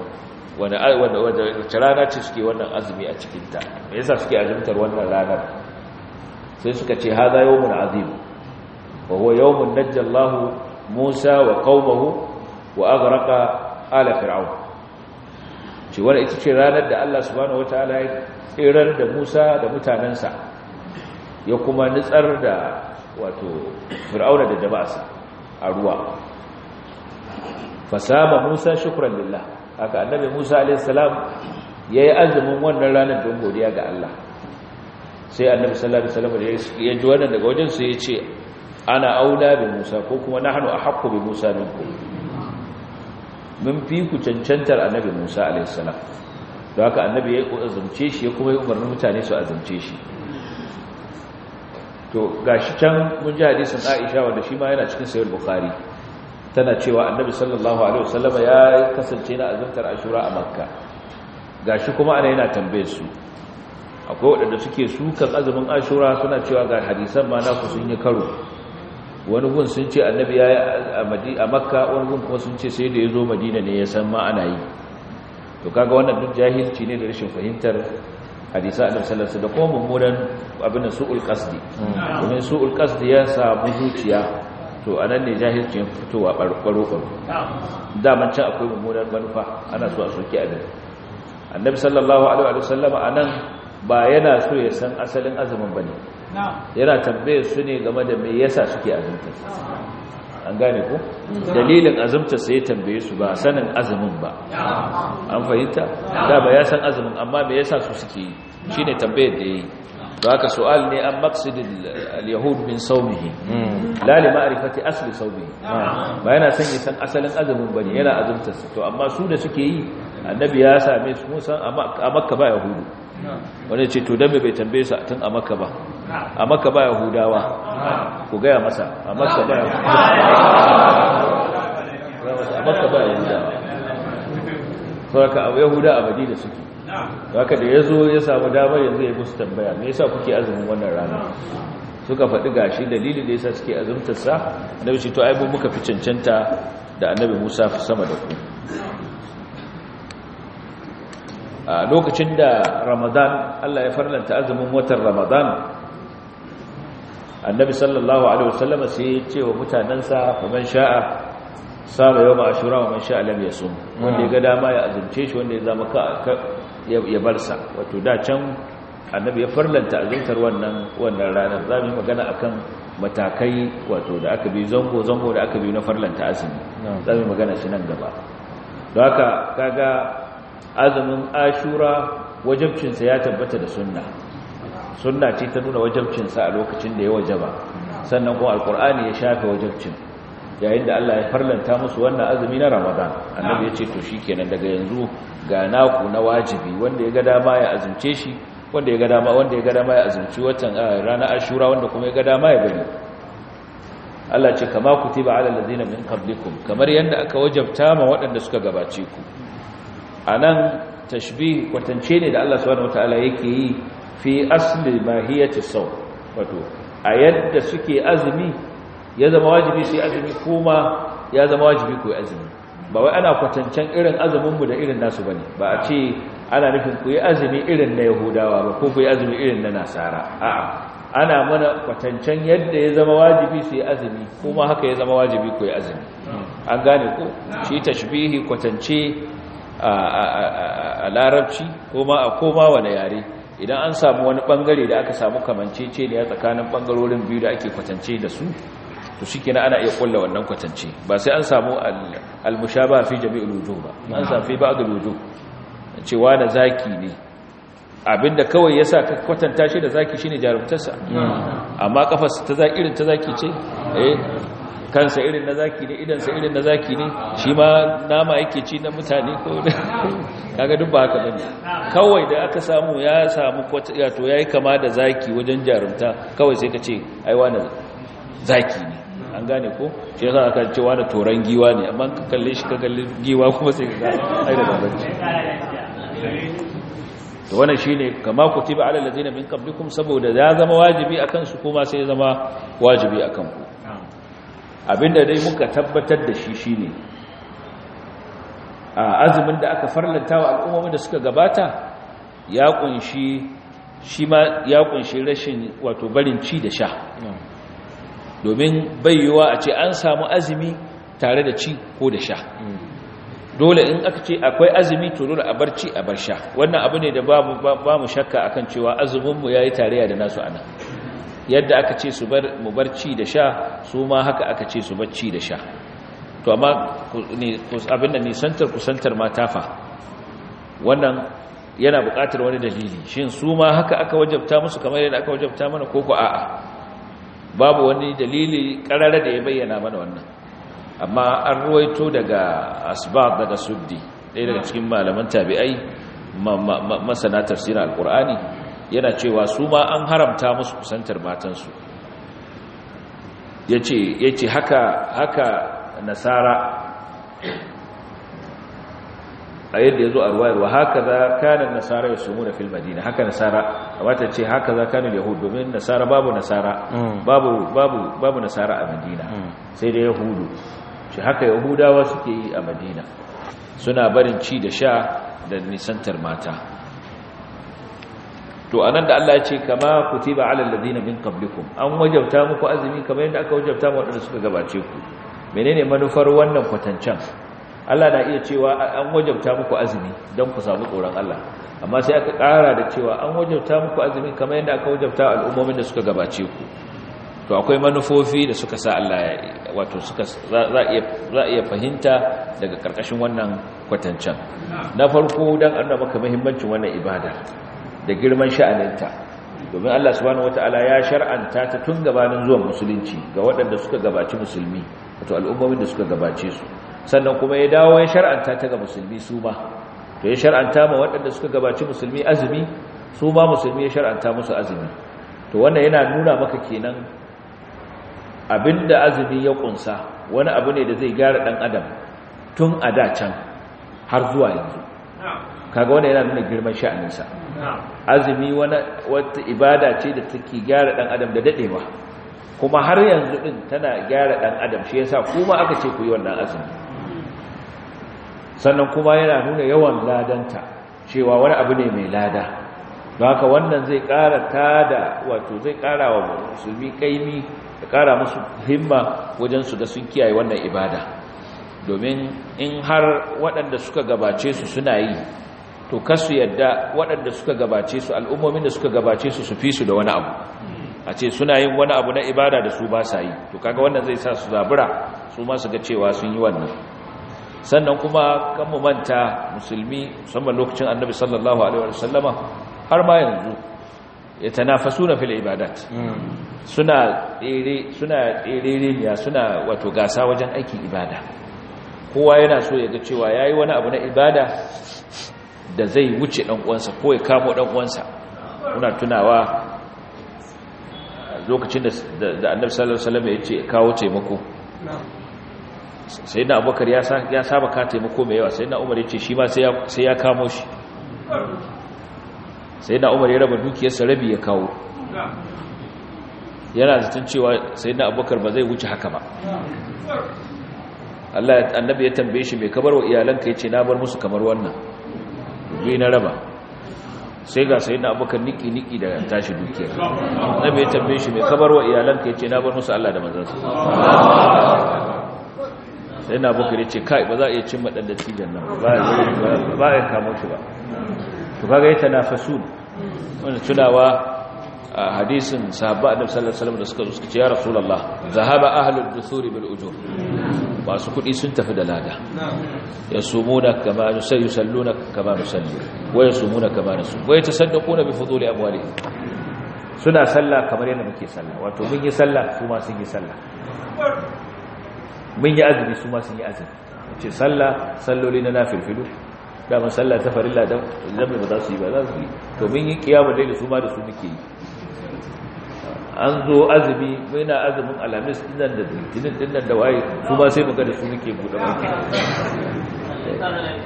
wani wacce rana ce suke wannan azumi a cikinta me yasa suke azumtar wannan ranar sai suka ce haza mun azim wa huwa yawmun najjallahu Musa wa kawmahu wa agaraka ala fir'au ce wani ita ce ranar da Allah subhanahu ala ya tsirar da Musa da mutanansa ya kuma nitsar da wato fir'auna da jama'arsa a ruwa fasama Musa shukran lillah haka annabi Musa alaihi salam yayi azumin wannan ranar don godiya ga Allah sai annabi sallallahu alaihi wasallam ya ji wannan daga wajen sai ya ce ana aula bi Musa ko kuma nahnu ahqqu bi Musa ku mun fi ku cancantar annabi Musa alaihi salam don haka annabi ya azumce shi ya kuma yi umarnin mutane su azumce shi to gashi can mun ji hadisin Aisha wanda shi ma yana cikin sahih Bukhari tana cewa annabi sallallahu alaihi wasallam ya kasance na azumtar ashura a makka gashi kuma ana yana tambaye su akwai waɗanda suke sukan azumin ashura suna cewa ga hadisan ma na ku sun yi karo wani gun sun ce annabi ya yi a makka wani gun kuma sun ce sai da ya zo madina ne ya san ma ana yi to kaga wannan duk jahilci ne da rashin fahimtar hadisa a sallallahu da kuma mummunan abin su'ul qasdi hmm. domin su'ul qasdi ya samu zuciya to a nan ne jahilcin ya fitowa ɓaro-ɓaro daman can akwai mummunar manufa ana so a soke abin annabi sallallahu alaihi wa sallama a nan ba yana so ya san asalin azumin ba ne yana tambayar su ne game da me yasa suke azumta an gane ku? dalilin azumta sai ya tambaye su ba sanin azumin ba an fahimta da ba ya san azumin amma me yasa su suke yi shine tambayar da yayi ذاك سؤال لي أم مقصد اليهود من صومه لا لمعرفة أصل صومه ما أنا سنة أصلا أذن بني يلا أذن suke yi annabi ya same su ميس a makka ba yahudu hmm. wani ce to dan bai tambaye su tun a makka ba a makka ba yahudawa ah. ku gaya masa a makka ba yahudawa a makka ba yahudawa saboda ka yahuda a madina suke haka da ya zo ya samu damar yanzu ya musu tambaya me yasa kuke azumin wannan rana suka faɗi gashi dalilin da yasa suke azumtarsa na bishi to aibu muka fi cancanta da annabi musa fi sama da ku a lokacin da ramadan allah ya farlanta azumin watan ramadan annabi sallallahu alaihi wasallam sai ya ce wa mutanensa man sha'a saba yau shura wa man sha'a lam sun wanda ya ga dama ya azumce shi wanda ya zama ya barsa wato da can annabi ya farlanta azantar wannan wannan ranar za mu yi magana akan matakai wato da aka bi zango zango da aka bi na farlanta azumi za mu magana shi nan gaba don haka kaga azumin ashura wajabcinsa ya tabbata da sunna sunna ce ta nuna wajabcinsa a lokacin da ya wajaba sannan kuma alkur'ani ya shafe wajabcin yayin da Allah ya farlanta musu wannan azumi na Ramadan annabi ya ce to shikenan daga yanzu ga naku na wajibi wanda ya ga dama ya azumce shi wanda ya ga dama wanda ya ga dama ya azumci watan ah, ranar Ashura wanda kuma ya ga dama ya bari Allah ce kama kutiba ala allazina min qablikum kamar yanda aka wajabta ma waɗanda suka gabace ku anan tashbih kwatance ne da Allah subhanahu wataala yake yi fi asli mahiyati saw wato a yadda suke azumi ya zama wajibi sai azumi kuma ya zama wajibi ku azumi ba wai ana kwatancan irin azuminmu da irin nasu ba ne ba a ce ana nufin ku yi azumi irin na yahudawa ba ko ku yi azumi irin na nasara a'a ana mana kwatancan yadda ya zama wajibi sai azumi kuma haka ya zama wajibi ku yi azumi an gane ko, shi tashbihi kwatance a larabci koma a koma wani yare idan an samu wani bangare da aka samu kamancece ne tsakanin bangarorin biyu da ake kwatance da su to shikenan ana iya kulla wannan kwatance ba sai an samu al-mushaba fi jami'ul wujuh ba an samu fi ba'd al-wujuh cewa da zaki ne abinda kawai yasa ka kwatanta shi da zaki shine jarumtarsa amma kafarsa ta zaki irin ta zaki ce eh kansa irin na zaki ne sa irin na zaki ne shi ma nama yake ci na mutane ko kaga duk ba haka bane kawai da aka samu ya samu kwata to yayi kama da zaki wajen jarumta kawai sai ka ce ai wani zaki ne an gane ko shi yasa aka cewa da toran giwa ne amma ka kalle shi ka kalle giwa kuma sai ka ga ai da babanci to wannan shine kama tiba alal ladina min qablikum saboda ya zama wajibi akan su kuma sai ya zama wajibi akan ku abinda dai muka tabbatar da shi shine a azumin da aka farlanta wa al'ummomin da suka gabata ya kunshi shi ma ya kunshi rashin wato barin ci da sha domin bayyuwa a ce an samu azumi tare da ci ko da sha dole in aka ce akwai azumi to dole a bar ci a bar sha wannan abu ne da ba mu shakka akan cewa azuminmu ya yi tarayya da nasu anan yadda aka ce su bar mu bar ci da sha su ma haka aka ce su bar ci da sha to amma abin da nisantar kusantar ma tafa wannan yana buƙatar wani dalili shin su ma haka aka wajabta musu kamar yadda aka wajabta mana ko ko a'a babu wani dalili ƙarara da ya bayyana mana wannan amma an ruwaito daga asbab daga suddi ɗaya daga cikin malaman tabi'ai masana tafsirin alkur'ani yana cewa su ma an haramta musu kusantar matansu ya ce haka haka nasara a yadda ya zo a ruwayarwa haka za nasara ya sumu na fil madina haka nasara wata ce haka za yahudu domin nasara babu nasara mm. babu nasara a madina mm. sai da yahudu shi haka yahudawa suke yi a madina suna barin ci da sha da nisantar mata to a nan da Allah ya ce kama kutiba alal ladina min qablikum an wajabta muku azumi kamar yadda aka wajabta mu wadanda suka gabace ku menene manufar wannan kwatancan? Allah na iya cewa an wajabta muku azumi don ku samu tsoron Allah amma sai aka ƙara da cewa an wajabta muku azumi kamar yadda aka wajabta al'ummomin da suka gabace ku to akwai manufofi da suka sa Allah wato suka za iya iya fahimta daga karkashin wannan kwatancan na farko dan Allah maka muhimmancin wannan ibada da girman sha'aninta domin Allah subhanahu wataala ya shar'anta ta tun gabanin zuwan musulunci ga waɗanda suka gabaci musulmi wato al'ummomin da suka gabace su sannan kuma ya dawo ya shar'anta ta ga musulmi su ma to ya shar'anta ma waɗanda suka gabaci musulmi azumi su ma musulmi ya shar'anta musu azumi to wannan yana nuna maka kenan abinda azumi ya kunsa wani abu ne da zai gyara dan adam tun a da can har zuwa yanzu kaga wannan yana nuna girman sa azumi wata ibada ce da take gyara dan adam da dadewa kuma har yanzu din tana gyara dan adam shi yasa kuma aka ce ku yi wannan azumi sannan kuma yana nuna yawan ladanta cewa wani abu ne mai lada don haka wannan zai ƙara tada wato zai kara wa musulmi kaimi da ƙara musu himma wajen su ga sun kiyaye wannan ibada domin in har waɗanda suka gabace su suna yi to kasu yadda waɗanda suka gabace su al'ummomin da suka gabace su su fi su da wani abu a ce suna yin wani abu na ibada da su ba sa yi to kaga wannan zai sa su zabura su ma su ga cewa sun yi wannan sannan kuma kan mu manta musulmi musamman lokacin annabi sallallahu alaihi wasallama har ma yanzu ya tanafasuna fil ibadat hmm. suna tsere suna ya suna wato gasa wajen aiki ibada kowa yana so ya ga cewa yayi wani abu na ibada da zai wuce dan uwansa ko ya kamo dan uwansa muna tunawa lokacin da annabi sallallahu alaihi ya ce kawo taimako sai na abokar ya saba ka taimako mai yawa sai na umar ya ce shi ma sai ya kamo shi sai na umar ya raba dukiyarsa rabi ya kawo yana zaton cewa sai na abokar ba zai wuce haka ba Allah annabi ya tambaye shi mai kamar wa iyalanka ya ce na bar musu kamar wannan dubi na raba sai ga sai na abubakar niki-niki da tashi dukiyar annabi ya tambaye shi mai kamar wa iyalanka ya ce na bar musu Allah da manzansa sai na bakar ce kai ba za a iya cin maɗanda cijan nan ba a kamo shi ba to kaga na fasu wanda tunawa a hadisin sahabba annabi sallallahu alaihi da suka zo ya rasulallah zahaba ahlud dusuri bil ujur masu kudi sun tafi da lada ya yasumuna kama yusalluna kama nusalli wa yasumuna kama nasum wa yatasaddaquna bi fuduli amwalihim suna sallah kamar yadda muke sallah wato mun yi sallah kuma sun yi sallah mun yi azumi su ma sun yi azumi ce sallah salloli na nafilfilu dama sallah ta farilla da zambi ba za su yi ba za su yi to mun yi kiyama dai da su ma da su muke yi an zo azumi muna azumin alamis dinnan da litinin dinnan da waye su ma sai muka da su muke buɗe maki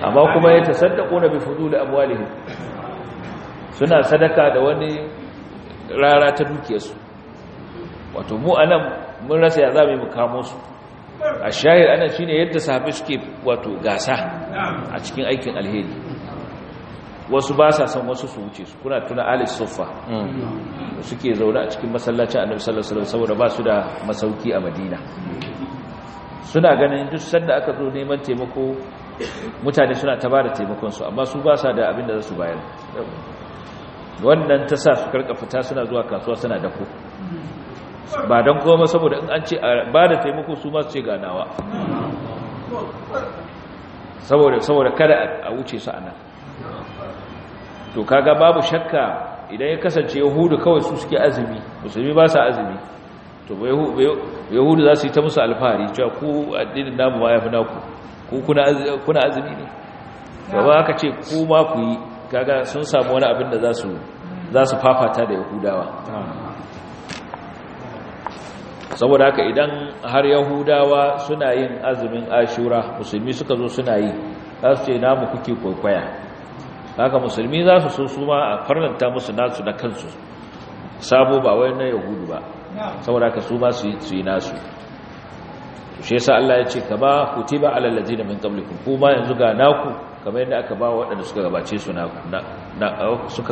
amma kuma ya tasaddaqo na bi fudul amwalihim suna sadaka da wani rara ta dukiyarsu wato mu anan mun rasa ya zamu mu kamo su a shayar ana shi ne yadda sahabi suke wato gasa a cikin aikin alheri wasu ba sa son wasu su wuce su kuna tuna ali sofa mm. suke zaune a cikin masallacin annabi sallallahu alaihi wasallam saboda ba su da masauki a madina suna ganin duk sanda aka zo neman taimako mutane suna ta bada taimakon su amma su ba sa da abin da za su bayar wannan ta sa su karka fita suna zuwa kasuwa suna dako ba don goma saboda in an ce a ba da taimako su masu ce ganawa saboda kada a wuce su ana to kaga babu shakka idan ya kasance yahudu kawai su suke azumi musulmi ba su azumi to yahudu za su yi ta musu alfahari cewa ku addinin namu ma ya fi naku ku kuna azumi ne gaba aka ce ku ma ku yi kaga sun samu wani abin da za su fafata da yahudawa saboda haka idan har yahudawa suna yin azumin ashura musulmi suka zo suna yi za su ce namu kuke kwaikwaya haka musulmi za su so suma a farnanta musu nasu na kansu sabo ba wai na yahudu ba saboda haka su ma su yi nasu shi sa Allah ya ce ka ba kama ba alal ladina min qablikum kuma yanzu ga naku kamar yadda aka ba waɗanda suka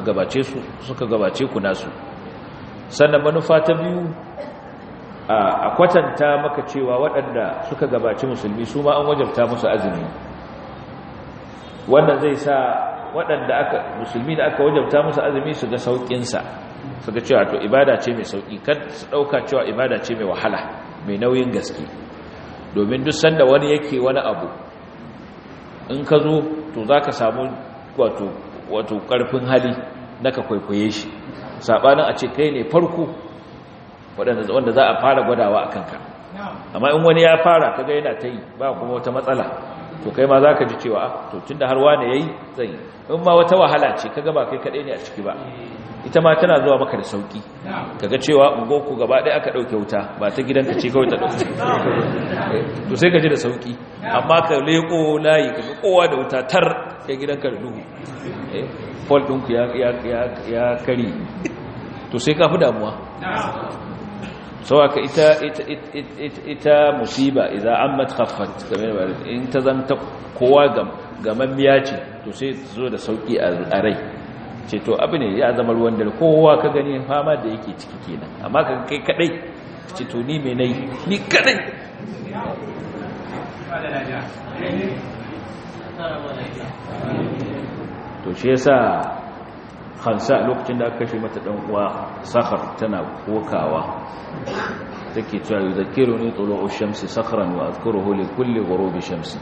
gabace su su ku nasu sannan manufa ta biyu a kwatanta maka cewa waɗanda suka gabaci musulmi su ma an wajabta musu azumi wannan zai sa waɗanda aka musulmi da aka wajabta musu azumi su ga sauƙinsa su ga cewa to ibada ce mai sauƙi kan su ɗauka cewa ibada ce mai wahala mai nauyin gaske domin duk sanda wani yake wani abu in ka zo to za ka samu wato ƙarfin hali na ka kwaikwaye shi saɓanin a ce kai ne farko wanda za a fara gwadawa a kanka amma in wani ya fara kaga yana ta yi ba kuma wata matsala to kai ma za ka ji cewa ah, to tun da har wane ya yi zai in ma wata wahala ce ka gaba kai kaɗai ne a ciki ba ita ma tana zuwa maka da ka kaga cewa ungoku gaba ɗaya aka ɗauke wuta ba ta gidanka ce kawai ta ɗauke to sai ka ji da sauƙi amma ka leƙo layi ka ga kowa da wuta tar kai gidanka da duhu fol eh, ɗinku ya kari to sai ka fi damuwa sauka ita ita musiba idan ammat khaffat kamar in ta zanta kowa ga biya ce to sai zo da sauki a rai ce to abu ne ya zama ruwan da kowa ka gani fama da yake ciki kenan amma ka kai kadai ce to ni me nayi ni kadai to shi yasa hansa lokacin da aka kashe mata dan uwa sakhar tana kokawa take cewa yuzakiruni tulu'u shamsi sakhran wa azkuruhu li kulli ghurubi shamsi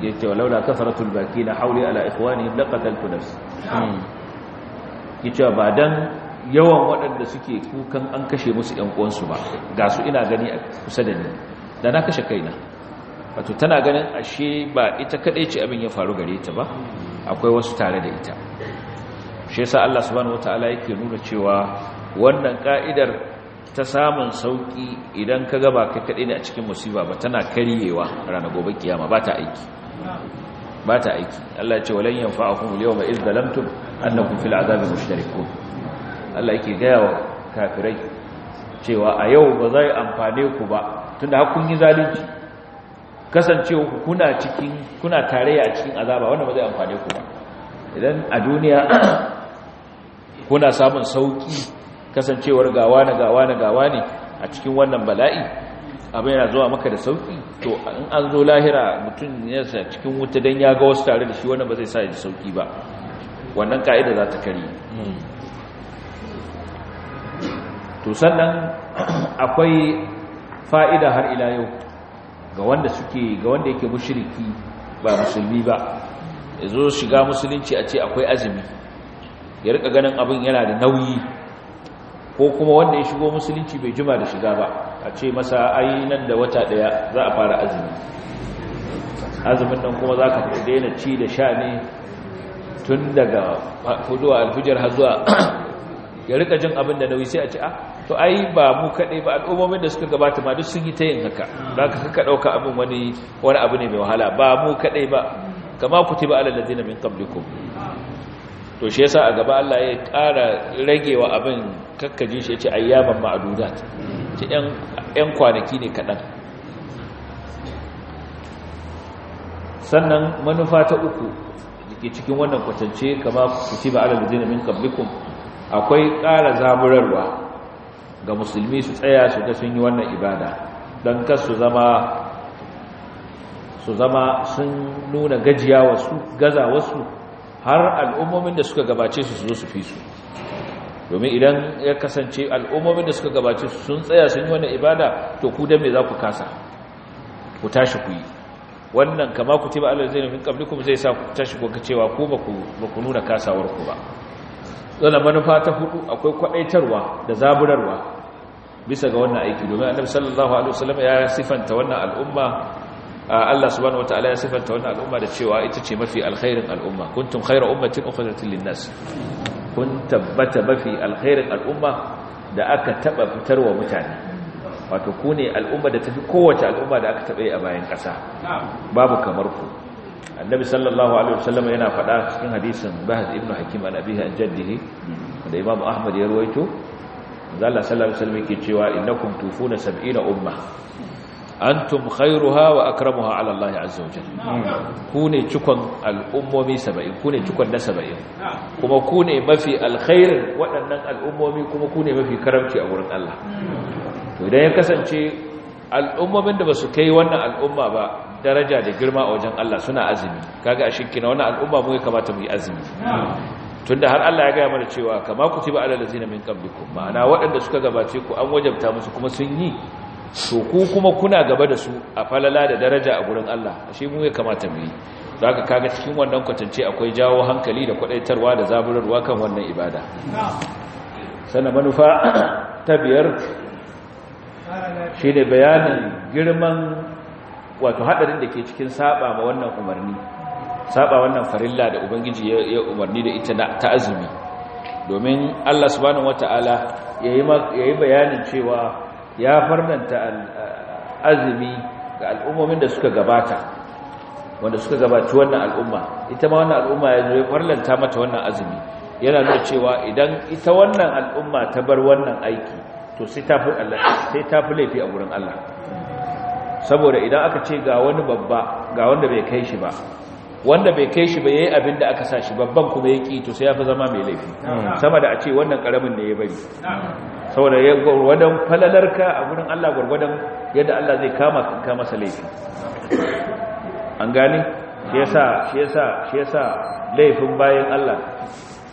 yace hmm. walaula kasratul bakina hawli ala ikhwani laqataltu nafsi yace hmm. ba dan yawan waɗanda suke kukan an kashe musu ƴan uwansu ba ga su ina gani a kusa da ni da na kashe kaina wato tana ganin ashe ba ita kadai ce abin ya faru gare ta ba akwai wasu tare da ita shi yasa Allah subhanahu wataala yake nuna cewa wannan ka'idar ta samun sauki idan ka ba kai kadai ne a cikin musiba ba tana karyewa ranar gobe kiyama ba ta aiki ba ta aiki Allah ya ce walan yanfa'ukum al-yawma idh zalamtum annakum fil azabi mushtarikun Allah yake gaya wa kafirai cewa a yau ba zai amfane ku ba tunda har kun yi zalunci kasancewa ku kuna cikin kuna tare a cikin azaba wanda ba zai amfane ku ba idan a duniya kuna samun sauki kasancewar gawa na gawa na gawa ne a cikin wannan bala'i abin yana zuwa maka da sauki to in an zo lahira mutum ya sa cikin wuta don ya ga wasu tare da shi wannan ba zai sa ya sauki ba wannan ka'ida za ta kari to sannan akwai fa'ida har ila yau ga wanda suke ga wanda yake mushriki ba musulmi ba ya zo shiga musulunci a ce akwai azumi ya rika ganin abin yana da nauyi ko kuma wanda ya shigo musulunci bai jima da shiga ba a ce masa ai nan da wata daya za a fara azumi azumin nan kuma za ka daina ci da sha ne tun daga huduwa alfijar har zuwa ya rika jin abin da nauyi sai a ce a ah, to ai ba mu kaɗai ba al'ummomin da suka gabata ma duk sun yi ta yin haka za ka kaka ɗauka abin wani abu ne mai wahala ba mu kaɗai ba kama ku ti ba alal min to shi yasa a gaba Allah ya ƙara ragewa abin kakkaji shi ya ce ayyaman ma'adudat ce ‘yan kwanaki ne kaɗan sannan manufa ta uku ke cikin wannan kwatance kama ci ba alal dina min akwai ƙara zaburarwa ga musulmi su tsaya su ga sun yi wannan ibada don kar su zama su zama sun nuna gajiya wasu gaza wasu har al'ummomin da suka gabace su zo su fi su domin idan ya kasance al'ummomin da suka gabace su sun tsaya sun yi wani ibada to ku dan me za ku kasa ku tashi ku yi wannan kama ku ba Allah zai nufin qablikum zai sa ku tashi ku ga cewa ko ba ku nuna kasawar ku ba zana manufa ta hudu akwai kwadaitarwa da zaburarwa bisa ga wannan aiki domin annabi sallallahu alaihi wasallam ya sifanta wannan al'umma Allah subhanahu wataala ya sifanta wannan al'umma da cewa ita ce mafi alkhairin al'umma kuntum khayra ummatin ukhrijat lin kun tabbata mafi alkhairin al'umma da aka taba fitarwa mutane wato ku ne al'umma da tafi kowace al'umma da aka taba yi a bayan ƙasa babu kamar ku annabi sallallahu alaihi wasallam yana faɗa cikin hadisin bahad ibn hakim an abihi an jaddihi da Imam ahmad ya ruwaito zalla sallallahu alaihi wasallam yake cewa innakum tufuna sab'ina ummah antum khairuha wa akramuha ala Allah azza wa hmm. ku ne cikon al'ummomi 70 ku ne cikon na 70 kuma ku ne mafi alkhairin waɗannan al'ummomi kuma ku ne mafi karamci a wurin Allah to idan ya kasance al'ummomin da basu kai wannan al'umma ba daraja da girma a wajen Allah suna azumi kaga a shikina wannan al'umma mu ya kamata mu yi azumi tunda har Allah ya gaya mana cewa kama ku ci ba min qablikum ma'ana waɗanda suka gabace ku an wajabta musu kuma sun yi so ku kuma kuna gaba da su a falala da daraja a gurin Allah ashe mu ya kamata mu yi ka kaga cikin wannan kwatance akwai jawo hankali da kwadaitarwa da zaburarwa kan wannan ibada sannan manufa ta biyar shi ne bayanin girman wato hadarin da ke cikin saba ma wannan umarni saba wannan farilla da ubangiji ya umarni da ita ta azumi domin Allah subhanahu wataala ya yayi bayanin cewa ya farnanta azumi ga al'ummomin da suka gabata wanda suka gabaci wannan al'umma ita ma wannan al'umma ya zai farlanta mata wannan azumi yana nuna cewa idan ita wannan al'umma ta bar wannan aiki to sai ta fi Allah sai ta fi laifi a gurin Allah saboda idan aka ce ga wani babba ga wanda bai kai shi ba wanda bai kai shi ba yayi abin da aka sa shi babban kuma yake to sai ya fi zama mai laifi sama da a ce wannan karamin ne ya bari saboda gwargwadon falalarka a wurin Allah gwargwadon yadda Allah zai kama ka masa laifi an gani shi yasa shi yasa laifin bayan Allah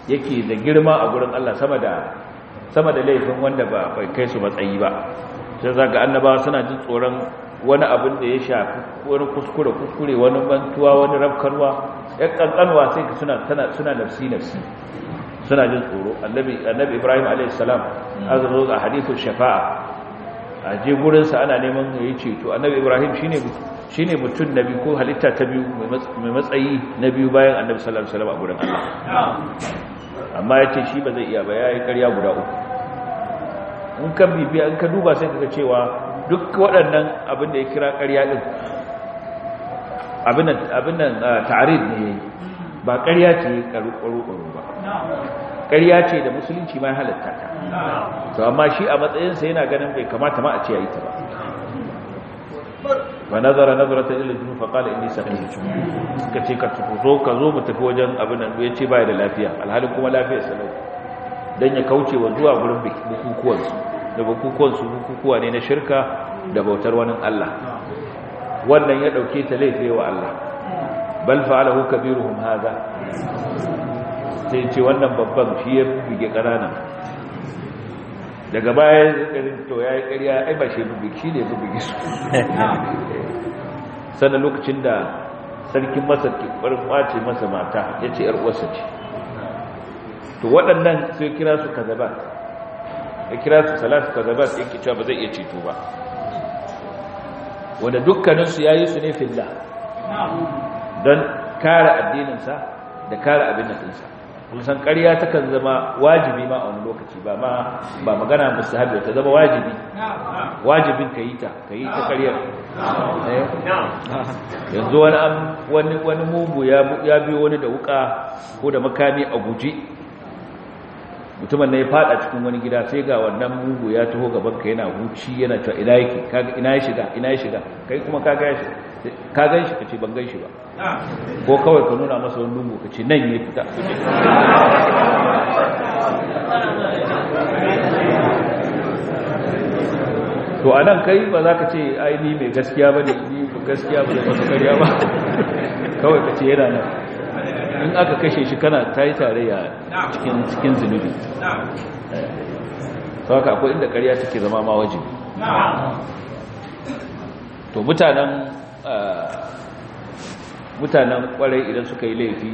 yake da girma a wurin Allah sama da laifin wanda ba bai kai su matsayi ba shi sai ga annabawa suna jin tsoron wani abin da ya shafi wani kuskure kuskure wani bantuwa wani rafkarwa ya kankanwa sai suna suna nafsi nafsi suna jin tsoro annabi ibrahim alaihissalam hmm. azuzo a hadithun shafa'a a je gurinsa ana neman ya yi ceto annabi ibrahim shi ne mutum na biyu ko halitta ta biyu mai matsayi na biyu bayan annabi salam salam a gurin allah amma ya ce shi ba zai iya ba ya yi karya guda uku in ka bibiya in ka duba sai ka cewa duk waɗannan abin da ya kira karya ɗin abin nan ah, ta'arid ne ya yi ba ƙarya ce ƙaruƙaru ba ƙarya ce da musulunci mai halatta ta to amma shi a matsayinsa yana ganin bai kamata ma a ce yi ta ba wa nazara nazarata ila jinu fa qala inni saqim suka ce ka zo ka zo mu tafi wajen abin nan ce baya da lafiya alhalin kuma lafiyar sa lau dan ya kauce wa zuwa gurin bukukuwan su da bukukuwan su bukukuwa ne na shirka da bautar wani Allah wannan ya ɗauke ta laifi wa Allah bal fa'alahu kabiruhum hadha sai ce wannan babban shi ya buge ƙananan daga baya ƙarin to ya yi ƙarya ai ba shi buge shi ne buge su sannan lokacin da sarkin masa ƙwarin kwace masa mata ya ce ‘yar uwarsa ce to waɗannan sai kira su kazaba ya kira su salatu kazaba sai ke cewa ba zai iya ceto ba wanda dukkaninsu ya yi su ne filla don kare addininsa da kare abin nasinsa Kusan karya ƙarya takan zama wajibi ma a wani lokaci ba ma ba magana musahabi ta zama wajibi wajibin ka yi ta ka yi ta ƙaryar eh? yanzu wani wani mugu ya biyo wani da wuka ko da makami a guji mutumin ne ya fada cikin wani gida sai ga wannan mugu ya taho gaban ka yana huci yana cewa ina yake kaga ina ya shiga ina ya shiga kai kuma ka ga shi ka gan shi kace ban gan shi ba ko kawai ka nuna masa wani lungu kace nan ya fita to anan kai ba za ka ce ai ni mai gaskiya bane ni gaskiya bane ba karya ba kawai kace yana nan in aka kashe shi kana ta yi tarayya cikin zunubi sauka eh, akwai inda karya take zama ma waje. to mutanen kwarai eh, idan suka yi laifi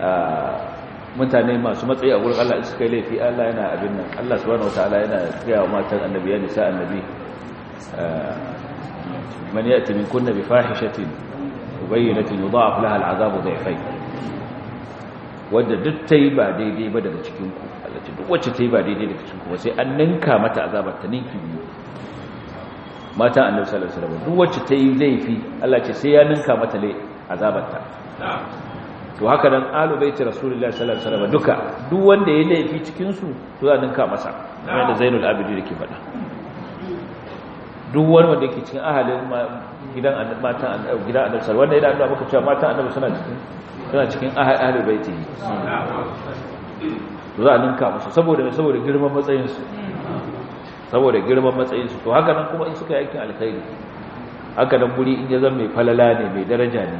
eh, mutane masu matsayi a gurin Allah in suka yi laifi Allah yana abin nan Allah wata Allah yana gaya wa matan annabi ya nisa annabi Mani ya'ti min kunna bi fahishatin mubayyinatin yudha'af laha al'adabu dhayfayn wadda duk ta yi ba daidai ba daga cikinku Allah ce duk wacce ta yi ba daidai daga cikinku sai an ninka mata azabar ta ninki biyu mata annabi sallallahu alaihi wasallam duk wacce ta yi laifi Allah ce sai ya ninka mata lai azabar ta to haka nan alu baiti rasulullahi sallallahu alaihi wasallam duka duk wanda ya laifi cikin su to za ninka masa kamar da Zainul Abidin yake faɗa duk wani wanda yake cikin ahalin gidan mata gidan annabi sallallahu alaihi wasallam wanda ya da cewa mata annabi suna cikin suna cikin ahlul baiti to za a ninka musu saboda girman matsayinsu. saboda girman matsayinsu, to haka nan kuma in suka yi aikin alkhairi haka nan guri in ya zan mai falala ne mai daraja ne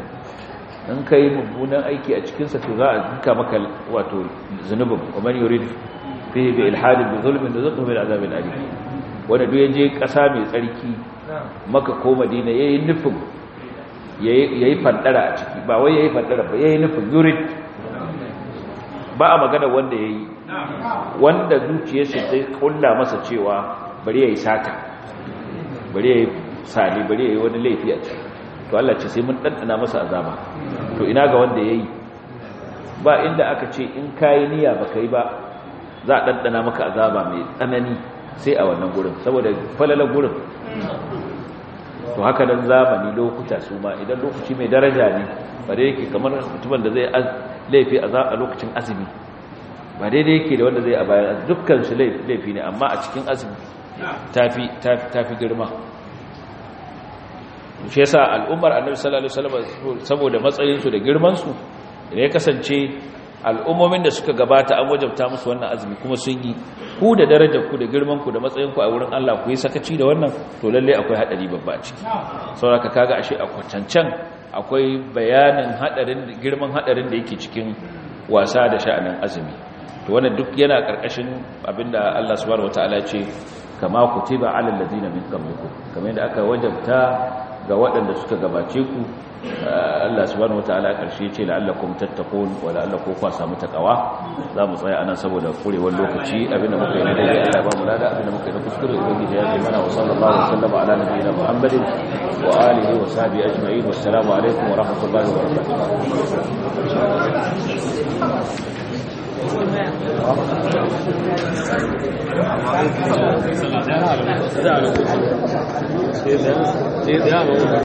in ka yi mummunan aiki a cikinsa to za a ninka maka wato zunubin yi yurid fiye da ilhadin da zulmin da zaqhu bil azab al alim wanda duk je kasa mai tsarki maka ko madina yi nufin Yayi yi a ciki ba wai ya yi ba ya yi nufin yurid ba a magana wanda ya yi wanda zuciyarsa ta kulla masa cewa bari ya yi sata bari ya yi sali bari ya wani laifi a ciki to Allah ce sai mun ɗanɗana masa azaba to ina ga wanda yayi ba inda aka ce in yi niyya ba yi ba za a ɗanɗana maka azaba mai tsanani sai a wannan gurin saboda falalar gurin to haka nan zamani lokuta su ma idan lokaci mai daraja ne ba yake kamar mutumin da zai laifi a lokacin azumi ba daidai yake da wanda zai a bayan dukkan su laifi ne amma a cikin azumi ta fi girma shi yasa al'ummar annabi sallallahu alaihi wasallam saboda matsayin su da girmansu su ne kasance al'ummomin da suka gabata an wajabta musu wannan azumi kuma sun yi ku da darajar ku da girman ku da matsayin ku a wurin Allah ku yi sakaci da wannan to lalle akwai hadari babba a ciki saboda kaga ashe a cancan akwai bayanin hadarin girman hadarin da yake cikin wasa da sha'anin azumi to wannan duk yana karkashin abinda Allah subhanahu wataala ya ce kama kutiba alal ladina min qablikum kamar yadda aka wajabta ga waɗanda suka gabace ku Allah subhanahu wataala karshe ce la'allakum tattaqun wa la'allakum fa samu takawa za mu tsaya anan saboda kurewar lokaci abinda muka yi da Allah ba mu lada abinda muka yi da kuskure gidi ya mana wa sallallahu alaihi wa sallam ala nabiyina muhammadin wa alihi wa sahbi ajma'in wa assalamu alaikum wa rahmatullahi wa barakatuh جی داؤں